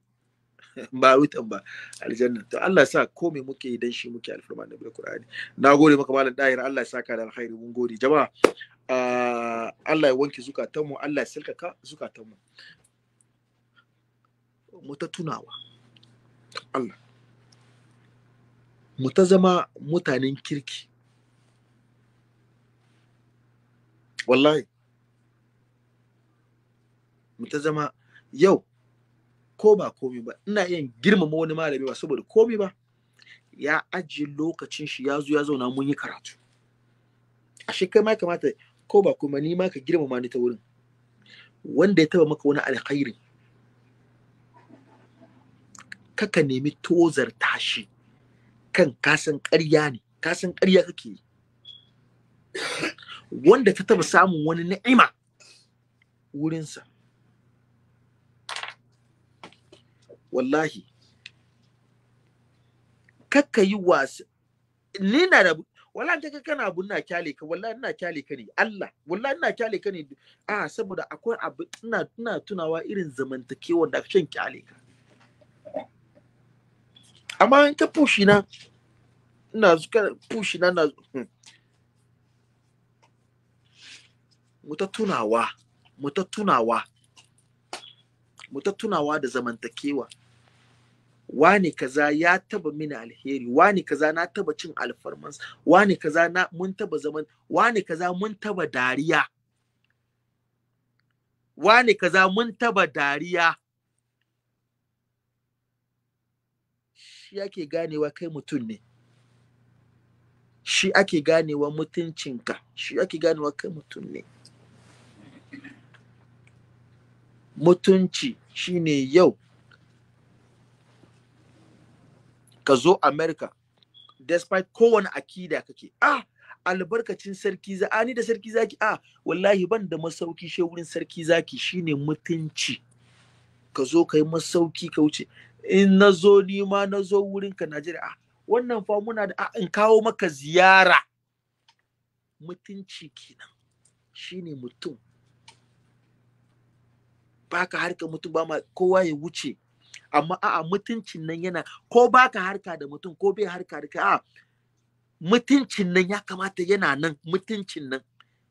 ba wutan ba aljanna to Allah sa ko me muke dan shi muke alfarma da Qur'ani nagode maka malam dair Allah ya saka da alkhairi mun gode jama'a Allah ya wanke mu, Allah ya silkaka mu mu ta tunawa Allah mu ta zama mutanen kirki wallahi mu ta zama yau ko ba komi ba ina yin girmama wani malami ba saboda komi ba ya ajiye lokacin shi ya zo ya zauna mun yi karatu ashe kai ma kamata ko ba kuma ni ma ka girmama ni ta wurin wanda ya taba maka wani alkhairi kaka nemi tozar tashi kan kasan ƙarya ne kasan ƙarya kake yi wanda ta taba samun wani ni'ima wurinsa wallahi kakka yi wasa ni na da wallahi ta kana abu na kyale ka wallahi ina kyale ka ne Allah wallahi ina kyale ka ne a saboda akwai abu ina tuna tunawa irin zamantakewa da shan kyale ka amma in ka pushi na ina zuka pushi na na hmm. mu ta tunawa mu ta tunawa mu ta tunawa da zamantakewa wani kaza ya taba mini alheri wani kaza na taba cin alfarmans wani kaza na mun taba zaman wani kaza mun taba dariya wani kaza mun taba dariya shi ake ganewa kai mutum ne shi ake ganewa mutuncinka shi ake ganewa kai mutum ne mutunci shine yau ka zo America despite kowane akida kake ah albarkacin sarki za a ah, ni da sarki zaki a ah, wallahi ban da masauki shi wurin sarki zaki shine mutunci ka zo kai masauki ka wuce in na zo ni ma na zo wurin ka Najeriya a ah, wannan fa muna da in kawo maka ziyara mutunci kenan shine mutum baka harka mutum ba ma kowa ya wuce amma a'a mutuncin nan yana ko baka harka da mutum ko bai harka da kai a'a mutuncin nan ya kamata yana nan mutuncin nan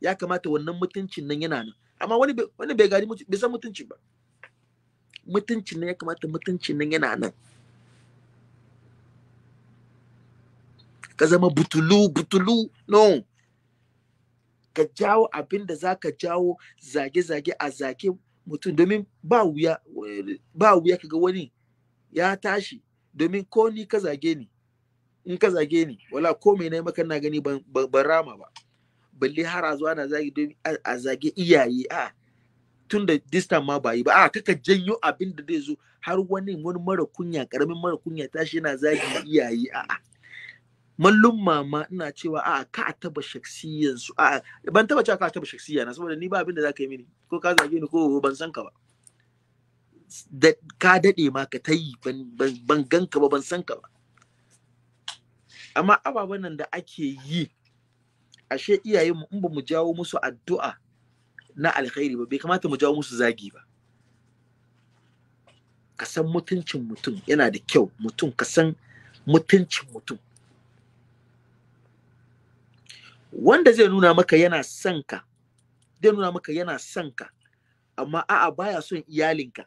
ya kamata wannan mutuncin nan yana nan amma wani wani bai gari bai san mutuncin ba mutuncin nan ya kamata mutuncin nan yana nan ka zama butulu butulu no ka jawo abin da jawo zage-zage a zage mutum domin ba wuya ba wuya kaga wani ya tashi domin ko ni ka zage ni in ka zage ni wala ko mai nayi maka na gani ban rama ba balle har a zuwa na zage domin a zage iyaye a tun da distan ma ba yi ba a kaka janyo abinda zai zo har wani wani mara kunya karamin mara kunya tashi yana zage iyaye a'a. mallum mama ina cewa a ka taba shaksiyan su a ban taba cewa ka taba shaksiya na saboda ni ba abin da zaka yi mini ko ka zage ni ko ban san ka ba da ka dade ma ka tai ban ban ka ba ban san ka ba amma ababen nan da ake yi ashe iyayen mu in ba mu jawo musu addu'a na alkhairi ba bai kamata mu jawo musu zagi ba kasan mutuncin mutum yana da kyau mutum kasan mutuncin mutum wanda zai nuna maka yana sanka, ka zai nuna maka yana son ka amma a'a baya son iyalinka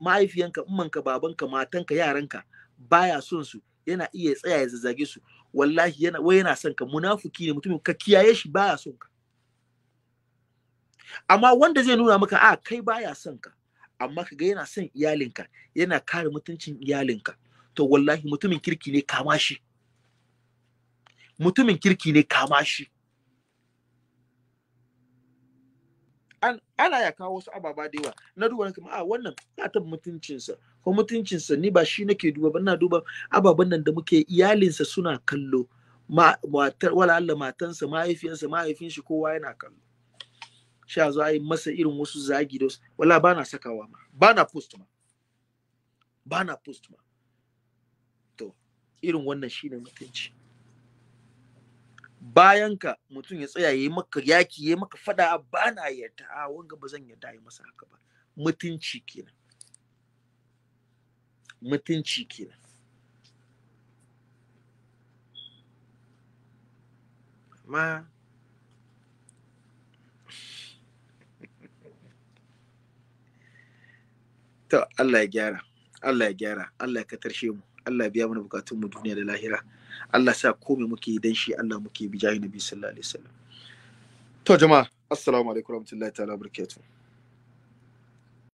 mahaifiyanka ummanka babanka matanka yaranka baya son su yana iya tsaya ya zazzage su wallahi yana wai yana son ka munafuki ne mutumin ka kiyaye shi baya son ka amma wanda zai nuna maka a kai baya son ka amma kaga yana son iyalinka yana kare mutuncin iyalinka to wallahi mutumin kirki ne kama shi mutumin kirki ne kama shi an ana ya kawo wasu ababa da yawa na duba na kuma a ah, wannan na ta mutuncinsa ko mutuncinsa ni ba shi nake duba ba na duba ababan nan da muke iyalinsa suna kallo matar wala Allah matansa mahaifiyarsa mahaifin shi kowa yana kallo sha zo a yi masa irin wasu zagi da wala ba na sakawa ma ba na post ma ba na post ma to irin wannan shine mutunci bayan ka mutum ya tsaya yayi maka yaki yayi maka fada ba na yarda a wanga ba zan yarda yi masa haka ba mutunci kenan mutunci kenan amma to Allah ya gyara Allah ya gyara Allah ya katarshe mu Allah ya biya mana bukatun mu duniya da lahira Allah sa komai muke dan shi Allah muke bi jahi nabi sallallahu alaihi wasallam to jama'a assalamu alaikum warahmatullahi ta'ala barakatuh